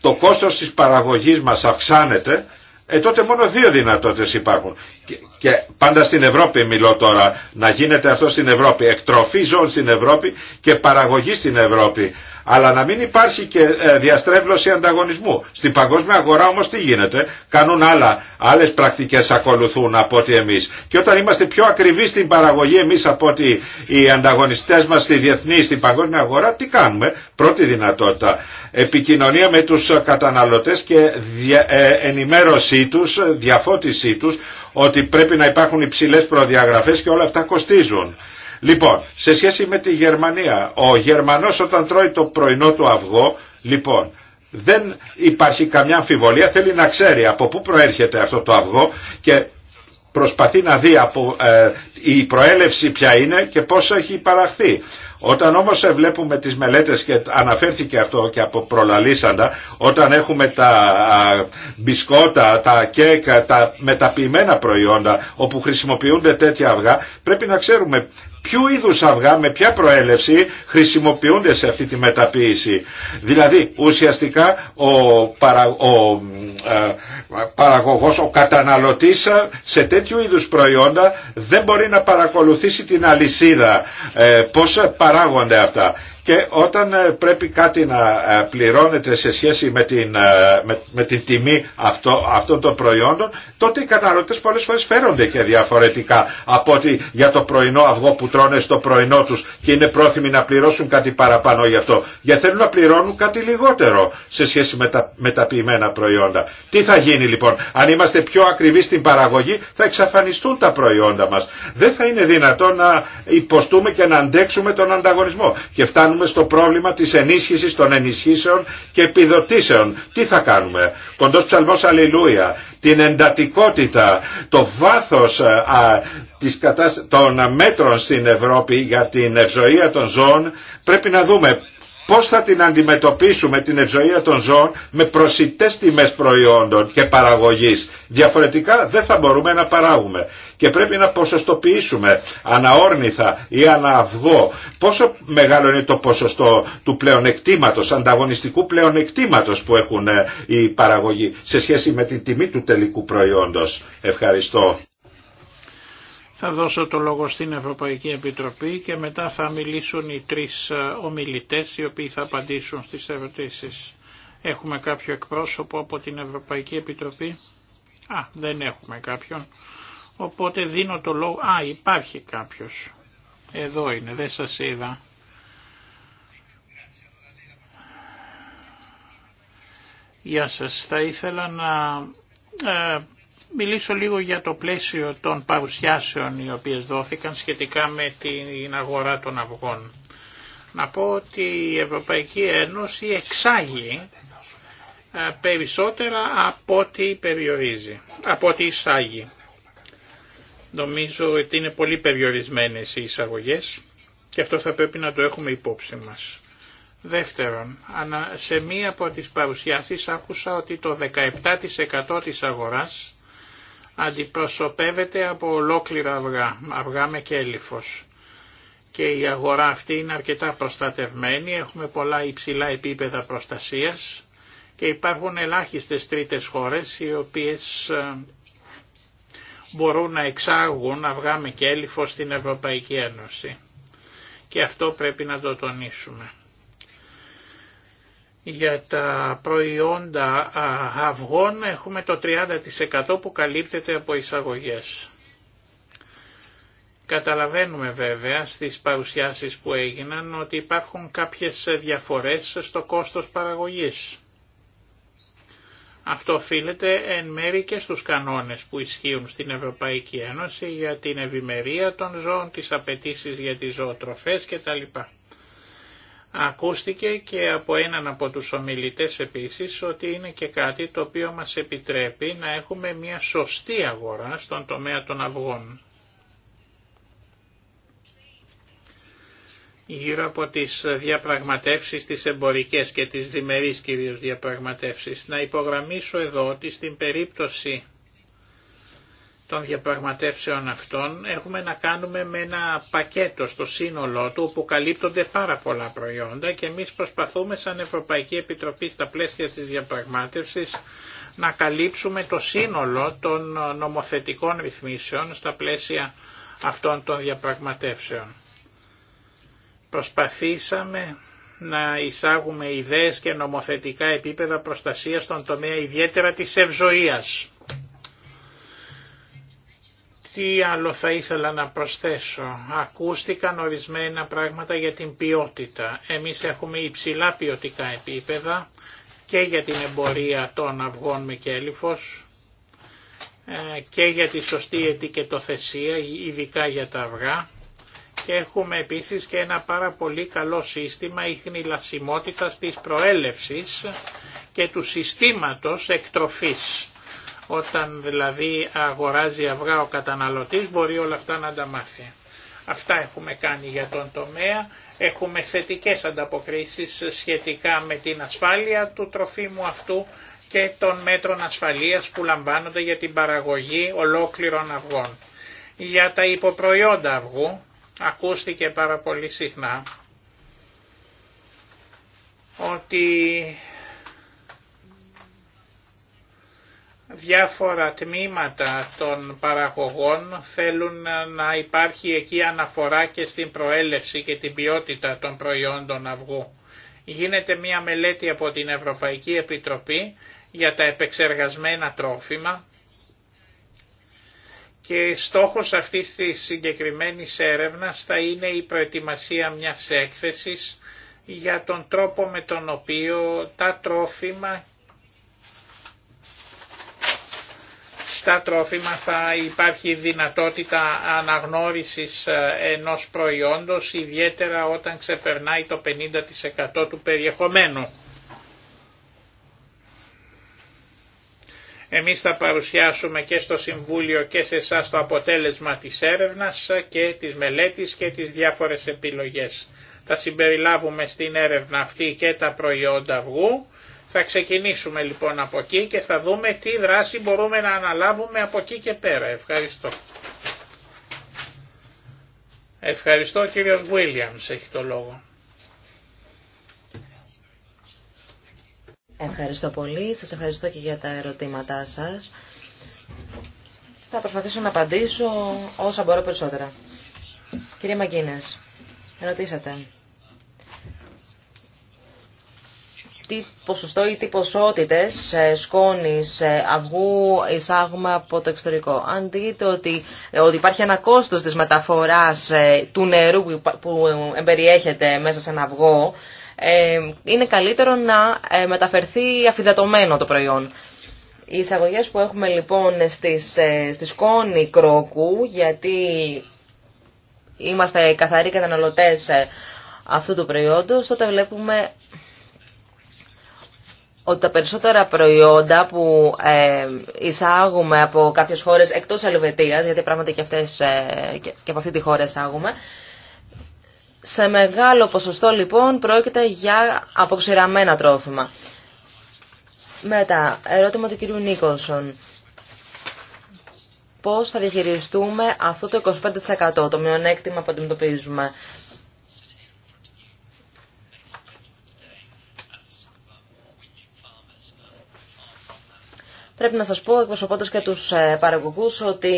το κόστος της παραγωγής μας αυξάνεται, ε, τότε μόνο δύο δυνατότητες υπάρχουν. Και, και, πάντα στην Ευρώπη μιλώ τώρα, να γίνεται αυτό στην Ευρώπη, εκτροφή ζώων στην Ευρώπη και παραγωγή στην Ευρώπη. Αλλά να μην υπάρχει και ε, διαστρέβλωση ανταγωνισμού. Στην παγκόσμια αγορά όμως τι γίνεται. Κάνουν άλλα, άλλες πρακτικές ακολουθούν από ότι εμείς. Και όταν είμαστε πιο ακριβείς στην παραγωγή εμείς από ότι οι ανταγωνιστές μας στη διεθνή, στην παγκόσμια αγορά, τι κάνουμε. Πρώτη δυνατότητα. Επικοινωνία με τους καταναλωτές και ε, ενημέρωσή τους, διαφώτισή τους ότι πρέπει να υπάρχουν υψηλές προδιαγραφές και όλα αυτά κοστίζουν. Λοιπόν, σε σχέση με τη Γερμανία, ο Γερμανός όταν τρώει το πρωινό του αυγό, λοιπόν, δεν υπάρχει καμιά αμφιβολία, θέλει να ξέρει από πού προέρχεται αυτό το αυγό και προσπαθεί να δει από, ε, η προέλευση ποια είναι και πώς έχει παραχθεί. Όταν όμως βλέπουμε τις μελέτες και αναφέρθηκε αυτό και από προλαλήσαντα, όταν έχουμε τα μπισκότα, τα κέκα, τα μεταποιημένα προϊόντα όπου χρησιμοποιούνται τέτοια αυγά, πρέπει να ξέρουμε Ποιου είδους αυγά με ποια προέλευση χρησιμοποιούνται σε αυτή τη μεταποίηση. Δηλαδή ουσιαστικά ο, παρα, ο ε, παραγωγός, ο καταναλωτής ε, σε τέτοιου είδους προϊόντα δεν μπορεί να παρακολουθήσει την αλυσίδα. Ε, πώς παράγονται αυτά και όταν ε, πρέπει κάτι να ε, πληρώνεται σε σχέση με την, ε, με, την τιμή αυτό, αυτών των προϊόντων, τότε οι καταναλωτές πολλές φορές φέρονται και διαφορετικά από ότι για το πρωινό αυγό που τρώνε στο πρωινό τους και είναι πρόθυμοι να πληρώσουν κάτι παραπάνω γι' αυτό. για θέλουν να πληρώνουν κάτι λιγότερο σε σχέση με τα, με τα ποιημένα προϊόντα. Τι θα γίνει λοιπόν, αν είμαστε πιο ακριβείς στην παραγωγή θα εξαφανιστούν τα προϊόντα μας. Δεν θα είναι δυνατόν να υποστούμε και να αντέξουμε τον ανταγωνισμό. Και φτάνουμε κάνουμε στο πρόβλημα της ενίσχυσης των ενισχύσεων και επιδοτήσεων. Τι θα κάνουμε. Κοντός ψαλμός αλληλούια. Την εντατικότητα, το βάθος ε, α, της κατάσ... των μέτρων στην Ευρώπη για την ευζοία των ζώων πρέπει να δούμε πώς θα την αντιμετωπίσουμε την ευζοία των ζώων με προσιτές τιμές προϊόντων και παραγωγής. Διαφορετικά δεν θα μπορούμε να παράγουμε και πρέπει να ποσοστοποιήσουμε αναόρνηθα ή ανααυγό πόσο μεγάλο είναι το ποσοστό του πλεονεκτήματος, ανταγωνιστικού πλεονεκτήματος που έχουν ε, οι παραγωγοί σε σχέση με την τιμή του τελικού προϊόντος. Ευχαριστώ. Θα δώσω το λόγο στην Ευρωπαϊκή Επιτροπή και μετά θα μιλήσουν οι τρεις ε, ομιλητές οι οποίοι θα απαντήσουν στις ερωτήσεις. Έχουμε κάποιο εκπρόσωπο από την Ευρωπαϊκή Επιτροπή. Α, δεν έχουμε κάποιον. Οπότε δίνω το λόγο... Α, υπάρχει κάποιος. Εδώ είναι, δεν σας είδα. Γεια σας. Θα ήθελα να ε, μιλήσω λίγο για το πλαίσιο των παρουσιάσεων οι οποίες δόθηκαν σχετικά με την αγορά των αυγών. Να πω ότι η Ευρωπαϊκή Ένωση εξάγει ε, περισσότερα από ό,τι περιορίζει, από ό,τι εισάγει. Νομίζω ότι είναι πολύ περιορισμένες οι εισαγωγές και αυτό θα πρέπει να το έχουμε υπόψη μας. Δεύτερον, σε μία από τις παρουσιάσεις άκουσα ότι το 17% της αγοράς αντιπροσωπεύεται από ολόκληρα αυγά, αυγά με κέλυφος. Και η αγορά αυτή είναι αρκετά προστατευμένη, έχουμε πολλά υψηλά επίπεδα προστασίας και υπάρχουν ελάχιστες τρίτες χώρες οι οποίες ε, μπορούν να εξάγουν αυγά με κέλυφο στην Ευρωπαϊκή Ένωση. Και αυτό πρέπει να το τονίσουμε. Για τα προϊόντα αυγών έχουμε το 30% που καλύπτεται από εισαγωγές. Καταλαβαίνουμε βέβαια στις παρουσιάσεις που έγιναν ότι υπάρχουν κάποιες διαφορές στο κόστος παραγωγής. Αυτό οφείλεται εν μέρη και στους κανόνες που ισχύουν στην Ευρωπαϊκή Ένωση για την ευημερία των ζώων, τις απαιτήσει για τις ζωοτροφές κτλ. Ακούστηκε και από έναν από τους ομιλητές επίσης ότι είναι και κάτι το οποίο μας επιτρέπει να έχουμε μια σωστή αγορά στον τομέα των αυγών. γύρω από τις διαπραγματεύσεις τις εμπορικές και τις διμερείς κυρίως διαπραγματεύσεις. Να υπογραμμίσω εδώ ότι στην περίπτωση των διαπραγματεύσεων αυτών έχουμε να κάνουμε με ένα πακέτο στο σύνολό του όπου καλύπτονται πάρα πολλά προϊόντα και εμείς προσπαθούμε σαν Ευρωπαϊκή Επιτροπή στα πλαίσια της διαπραγμάτευσης να καλύψουμε το σύνολο των νομοθετικών ρυθμίσεων στα πλαίσια αυτών των διαπραγματεύσεων. Προσπαθήσαμε να εισάγουμε ιδέες και νομοθετικά επίπεδα προστασίας στον τομέα ιδιαίτερα της ευζοίας. Τι άλλο θα ήθελα να προσθέσω. Ακούστηκαν ορισμένα πράγματα για την ποιότητα. Εμείς έχουμε υψηλά ποιοτικά επίπεδα και για την εμπορία των αυγών με κέλυφος ε, και για τη σωστή ετικετοθεσία, ειδικά για τα αυγά και έχουμε επίσης και ένα πάρα πολύ καλό σύστημα ίχνηλασιμότητας της προέλευσης και του συστήματος εκτροφής. Όταν δηλαδή αγοράζει αυγά ο καταναλωτής μπορεί όλα αυτά να τα μάθει. Αυτά έχουμε κάνει για τον τομέα. Έχουμε θετικές ανταποκρίσεις σχετικά με την ασφάλεια του τροφίμου αυτού και των μέτρων ασφαλείας που λαμβάνονται για την παραγωγή ολόκληρων αυγών. Για τα υποπροϊόντα αυγού ακούστηκε πάρα πολύ συχνά ότι διάφορα τμήματα των παραγωγών θέλουν να υπάρχει εκεί αναφορά και στην προέλευση και την ποιότητα των προϊόντων αυγού. Γίνεται μια μελέτη από την Ευρωπαϊκή Επιτροπή για τα επεξεργασμένα τρόφιμα και στόχος αυτής της συγκεκριμένης έρευνας θα είναι η προετοιμασία μιας έκθεσης για τον τρόπο με τον οποίο τα τρόφιμα στα τρόφιμα θα υπάρχει δυνατότητα αναγνώρισης ε, ενός προϊόντος ιδιαίτερα όταν ξεπερνάει το 50% του περιεχομένου. Εμείς θα παρουσιάσουμε και στο Συμβούλιο και σε εσά το αποτέλεσμα της έρευνας και της μελέτης και τις διάφορες επιλογές. Θα συμπεριλάβουμε στην έρευνα αυτή και τα προϊόντα αυγού. Θα ξεκινήσουμε λοιπόν από εκεί και θα δούμε τι δράση μπορούμε να αναλάβουμε από εκεί και πέρα. Ευχαριστώ. Ευχαριστώ κύριος Βουίλιαμς έχει το λόγο. Ευχαριστώ πολύ. Σας ευχαριστώ και για τα ερωτήματά σας. Θα προσπαθήσω να απαντήσω όσα μπορώ περισσότερα. Κύριε Μαγκίνες, ρωτήσατε τι ποσοστό ή τι ποσότητες ε, σκόνης ε, αυγού εισάγουμε από το εξωτερικό. Αν δείτε ότι, ε, ότι υπάρχει ένα κόστος της μεταφοράς του νερού που εμπεριέχεται μέσα σε ένα αυγό, ε, είναι καλύτερο να ε, μεταφερθεί αφιδατωμένο το προϊόν. Οι εισαγωγές που έχουμε λοιπόν στις, ε, στη σκόνη κρόκου, γιατί είμαστε καθαροί καταναλωτές αυτού του προϊόντος, τότε βλέπουμε ότι τα περισσότερα προϊόντα που εισάγουμε από κάποιες χώρες εκτός Ελβετίας, γιατί πράγματι και, αυτές, και από αυτή τη χώρα εισάγουμε, σε μεγάλο ποσοστό λοιπόν πρόκειται για αποξηραμένα τρόφιμα. Μετά, ερώτημα του κυρίου Νίκολσον. Πώς θα διαχειριστούμε αυτό το 25% το μειονέκτημα που αντιμετωπίζουμε. Πρέπει να σας πω, εκπροσωπώντας και τους ε, παραγωγούς, ότι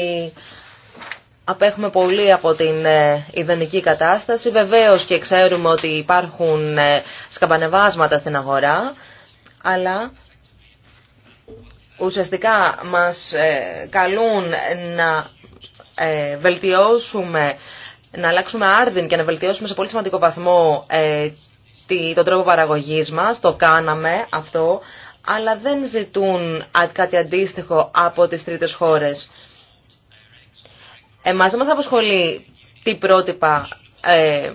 απέχουμε πολύ από την ε, ιδανική κατάσταση. Βεβαίω και ξέρουμε ότι υπάρχουν ε, σκαμπανεβάσματα στην αγορά, αλλά ουσιαστικά μας ε, καλούν να βελτιώσουμε, να αλλάξουμε άρδιν και να βελτιώσουμε σε πολύ σημαντικό βαθμό τον τρόπο παραγωγής μας. Το κάναμε αυτό, αλλά δεν ζητούν κάτι αντίστοιχο από τις τρίτες χώρες. Εμά δεν μας απασχολεί τι πρότυπα ε,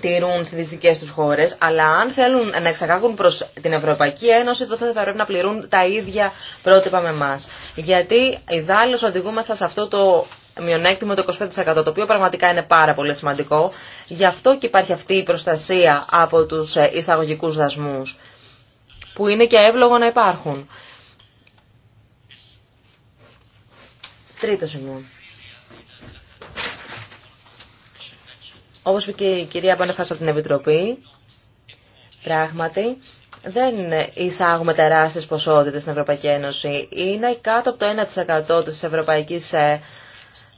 τηρούν στις δυτικέ τους χώρες, αλλά αν θέλουν να εξαγάγουν προς την Ευρωπαϊκή Ένωση, τότε θα πρέπει να πληρούν τα ίδια πρότυπα με εμά. Γιατί ιδάλλως οδηγούμεθα σε αυτό το μειονέκτημα το 25%, το οποίο πραγματικά είναι πάρα πολύ σημαντικό. Γι' αυτό και υπάρχει αυτή η προστασία από του ε, εισαγωγικού δασμού που είναι και εύλογο να υπάρχουν. Τρίτο σημείο. Όπως είπε και η κυρία Πανεφάς από την Επιτροπή, πράγματι δεν εισάγουμε τεράστιες ποσότητες στην Ευρωπαϊκή Ένωση. Είναι κάτω από το 1% της ευρωπαϊκής ε,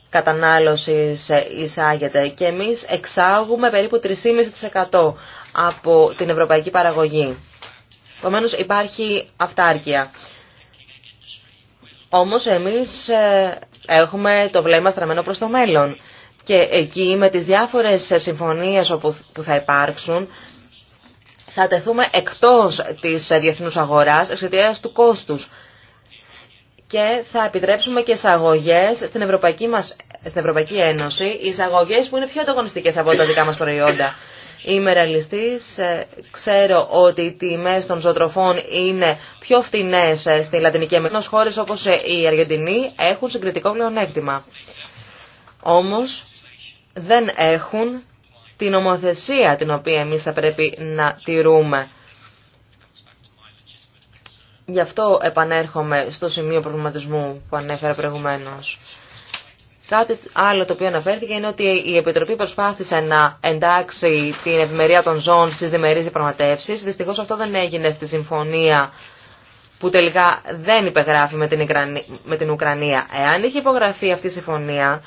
κατανάλωσης ε, εισάγεται και εμείς εξάγουμε περίπου 3,5% από την ευρωπαϊκή παραγωγή. Επομένως υπάρχει αυτάρκεια. Όμως εμείς ε, έχουμε το βλέμμα στραμμένο προς το μέλλον και εκεί με τις διάφορες συμφωνίες που θα υπάρξουν θα τεθούμε εκτός της διεθνούς αγοράς εξαιτία του κόστους και θα επιτρέψουμε και εισαγωγέ στην Ευρωπαϊκή, μας, στην Ευρωπαϊκή Ένωση, εισαγωγέ που είναι πιο ανταγωνιστικές από τα δικά μας προϊόντα. Είμαι ρεαλιστής, ε, ξέρω ότι οι τιμές των ζωοτροφών είναι πιο φτηνέ ε, στη Λατινική Αμερική, χώρες όπως ε, η Αργεντινή έχουν συγκριτικό πλεονέκτημα όμως δεν έχουν την ομοθεσία την οποία εμείς θα πρέπει να τηρούμε. Γι' αυτό επανέρχομαι στο σημείο προβληματισμού που ανέφερα προηγουμένως. Κάτι άλλο το οποίο αναφέρθηκε είναι ότι η Επιτροπή προσπάθησε να εντάξει την ευημερία των ζώων στις διμερείς διαπραγματεύσεις. Δυστυχώς αυτό δεν έγινε στη συμφωνία που τελικά δεν υπεγράφει με την, Ουκρανία. Εάν είχε υπογραφεί αυτή η συμφωνία,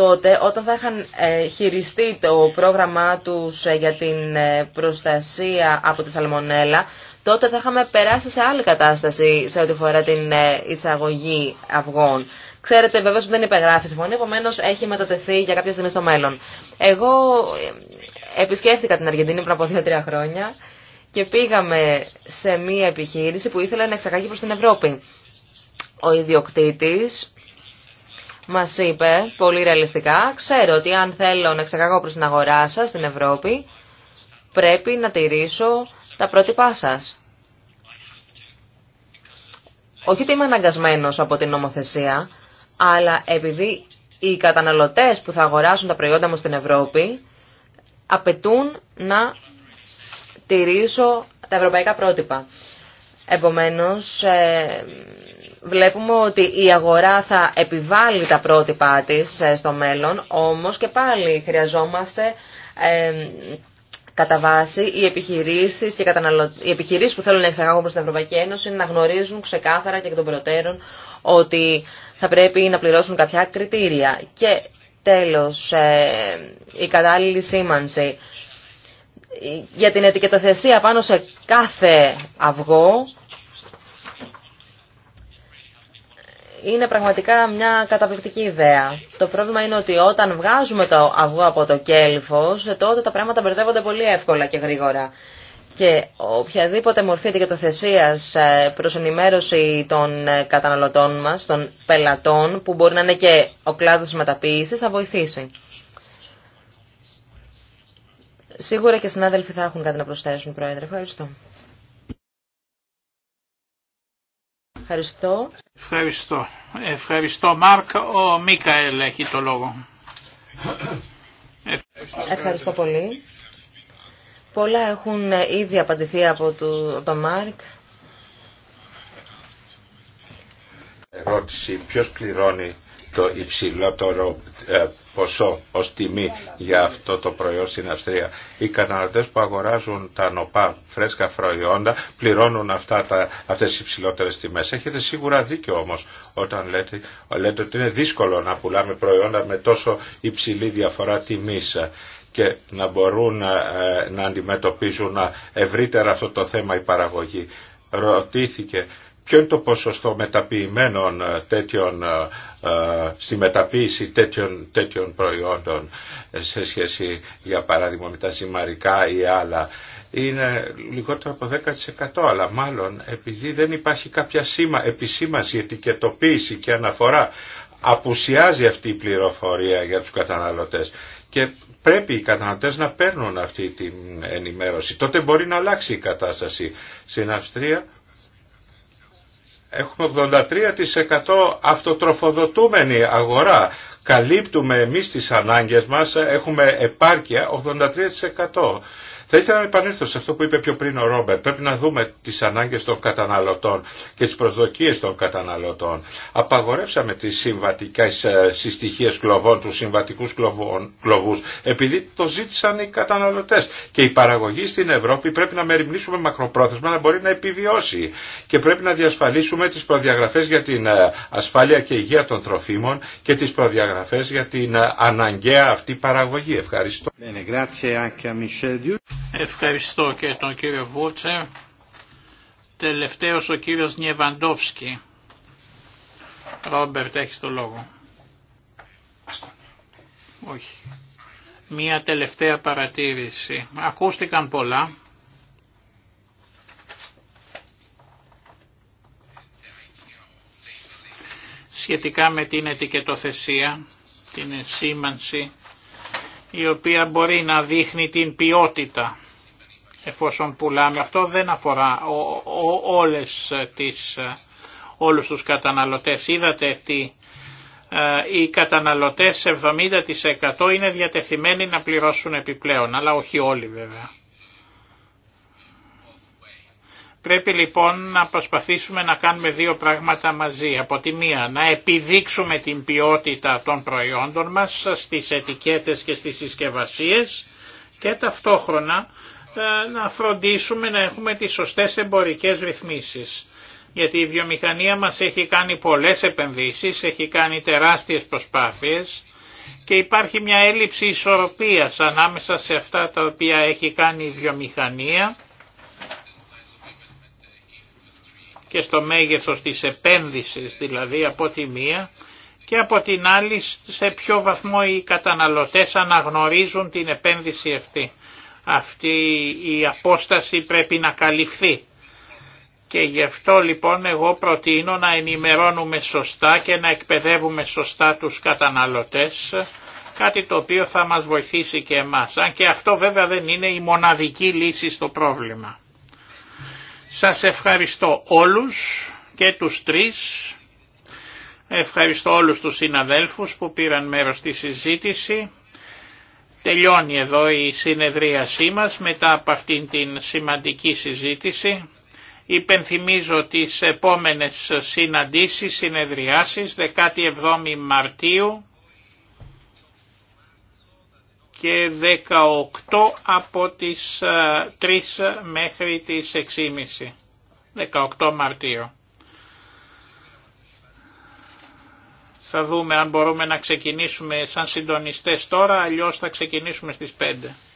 τότε όταν θα είχαν ε, χειριστεί το πρόγραμμά τους ε, για την ε, προστασία από τη σαλμονέλα, τότε θα είχαμε περάσει σε άλλη κατάσταση σε ό,τι φορά την εισαγωγή αυγών. Ξέρετε βέβαια ότι δεν υπεγράφει συμφωνία, επομένω έχει μετατεθεί για κάποια στιγμή στο μέλλον. Εγώ επισκέφθηκα την Αργεντινή πριν από 2-3 χρόνια και πήγαμε σε μία επιχείρηση που ήθελε να εξαγάγει προς την Ευρώπη. Ο ιδιοκτήτης μα είπε πολύ ρεαλιστικά, ξέρω ότι αν θέλω να εξαγάγω προς την αγορά σα στην Ευρώπη, πρέπει να τηρήσω τα πρότυπά σας. Όχι ότι είμαι αναγκασμένο από την νομοθεσία, αλλά επειδή οι καταναλωτές που θα αγοράσουν τα προϊόντα μου στην Ευρώπη απαιτούν να τηρήσω τα ευρωπαϊκά πρότυπα. Επομένως, ε, Βλέπουμε ότι η αγορά θα επιβάλλει τα πρότυπά της ε, στο μέλλον, όμως και πάλι χρειαζόμαστε κατά βάση οι επιχειρήσεις, και οι επιχειρήσεις που θέλουν να εξαγάγουν προς την Ευρωπαϊκή Ένωση να γνωρίζουν ξεκάθαρα και εκ των προτέρων ότι θα πρέπει να πληρώσουν κάποια κριτήρια. Και τέλος, ε, η κατάλληλη σήμανση για την ετικετοθεσία πάνω σε κάθε αυγό είναι πραγματικά μια καταπληκτική ιδέα. Το πρόβλημα είναι ότι όταν βγάζουμε το αυγό από το κέλυφος, τότε τα πράγματα μπερδεύονται πολύ εύκολα και γρήγορα. Και οποιαδήποτε μορφή δικαιοθεσίας ε, προς ενημέρωση των ε, καταναλωτών μας, των πελατών, που μπορεί να είναι και ο κλάδος της μεταποίησης, θα βοηθήσει. Σίγουρα και συνάδελφοι θα έχουν κάτι να προσθέσουν, Πρόεδρε. Ευχαριστώ. Ευχαριστώ. Ευχαριστώ. Ευχαριστώ Μάρκ. Ο Μίκαελ έχει το λόγο. Ευχαριστώ, Ευχαριστώ πολύ. Πολλά έχουν ήδη απαντηθεί από τον το Μάρκ. Ερώτηση. Ποιος πληρώνει το υψηλότερο ε, ποσό ως τιμή για αυτό το προϊόν στην Αυστρία. Οι καταναλωτέ που αγοράζουν τα νοπά φρέσκα προϊόντα πληρώνουν αυτά τα, αυτές τις υψηλότερες τιμές. Έχετε σίγουρα δίκιο όμως όταν λέτε, λέτε ότι είναι δύσκολο να πουλάμε προϊόντα με τόσο υψηλή διαφορά τιμής και να μπορούν ε, να αντιμετωπίζουν ευρύτερα αυτό το θέμα η παραγωγή. Ρωτήθηκε ποιο είναι το ποσοστό μεταποιημένων ε, τέτοιων ε, ε, στη μεταποίηση τέτοιων, τέτοιων προϊόντων σε σχέση για παράδειγμα με τα ζυμαρικά ή άλλα είναι λιγότερο από 10% αλλά μάλλον επειδή δεν υπάρχει κάποια σήμα, επισήμαση, ετικετοποίηση και αναφορά απουσιάζει αυτή η πληροφορία για τους καταναλωτές και πρέπει οι καταναλωτές να παίρνουν αυτή την ενημέρωση τότε μπορεί να αλλάξει η κατάσταση στην Αυστρία έχουμε 83% αυτοτροφοδοτούμενη αγορά. Καλύπτουμε εμείς τις ανάγκες μας, έχουμε επάρκεια 83%. Θα ήθελα να επανέλθω σε αυτό που είπε πιο πριν ο Ρόμπερ. Πρέπει να δούμε τις ανάγκες των καταναλωτών και τις προσδοκίες των καταναλωτών. Απαγορεύσαμε τις συμβατικές ε, συστοιχίες κλοβών, τους συμβατικούς κλοβού, επειδή το ζήτησαν οι καταναλωτές. Και η παραγωγή στην Ευρώπη πρέπει να μεριμνήσουμε μακροπρόθεσμα να μπορεί να επιβιώσει. Και πρέπει να διασφαλίσουμε τις προδιαγραφές για την ε, ασφάλεια και υγεία των τροφίμων και τις προδιαγραφές για την ε, αναγκαία αυτή παραγωγή. Ευχαριστώ. Ευχαριστώ και τον κύριο Βούτσερ. Τελευταίος ο κύριος Νιεβαντόφσκι. Ρόμπερτ, έχει το λόγο. Όχι. Μία τελευταία παρατήρηση. Ακούστηκαν πολλά. Σχετικά με την ετικετοθεσία, την σήμανση η οποία μπορεί να δείχνει την ποιότητα εφόσον πουλάμε. Αυτό δεν αφορά ο, όλες τις, όλους τους καταναλωτές. Είδατε ότι ε, οι καταναλωτές 70% είναι διατεθειμένοι να πληρώσουν επιπλέον, αλλά όχι όλοι βέβαια. Πρέπει λοιπόν να προσπαθήσουμε να κάνουμε δύο πράγματα μαζί. Από τη μία να επιδείξουμε την ποιότητα των προϊόντων μας στις ετικέτες και στις συσκευασίες και ταυτόχρονα ε, να φροντίσουμε να έχουμε τις σωστές εμπορικές ρυθμίσεις. Γιατί η βιομηχανία μας έχει κάνει πολλές επενδύσεις, έχει κάνει τεράστιες προσπάθειες και υπάρχει μια έλλειψη ισορροπίας ανάμεσα σε αυτά τα οποία έχει κάνει η βιομηχανία και στο μέγεθος της επένδυσης δηλαδή από τη μία και από την άλλη σε ποιο βαθμό οι καταναλωτές αναγνωρίζουν την επένδυση αυτή. Αυτή η απόσταση πρέπει να καλυφθεί. Και γι' αυτό λοιπόν εγώ προτείνω να ενημερώνουμε σωστά και να εκπαιδεύουμε σωστά τους καταναλωτές, κάτι το οποίο θα μας βοηθήσει και εμάς, αν και αυτό βέβαια δεν είναι η μοναδική λύση στο πρόβλημα. Σας ευχαριστώ όλους και τους τρεις. Ευχαριστώ όλους τους συναδέλφους που πήραν μέρος στη συζήτηση. Τελειώνει εδώ η συνεδρίασή μας μετά από αυτήν την σημαντική συζήτηση. Υπενθυμίζω τις επόμενες συναντήσεις, συνεδριάσεις, 17η Μαρτίου και 18 από τις 3 ε, μέχρι τις 6.30. 18 Μαρτίου. Θα δούμε αν μπορούμε να ξεκινήσουμε σαν συντονιστές τώρα, αλλιώς θα ξεκινήσουμε στις 5.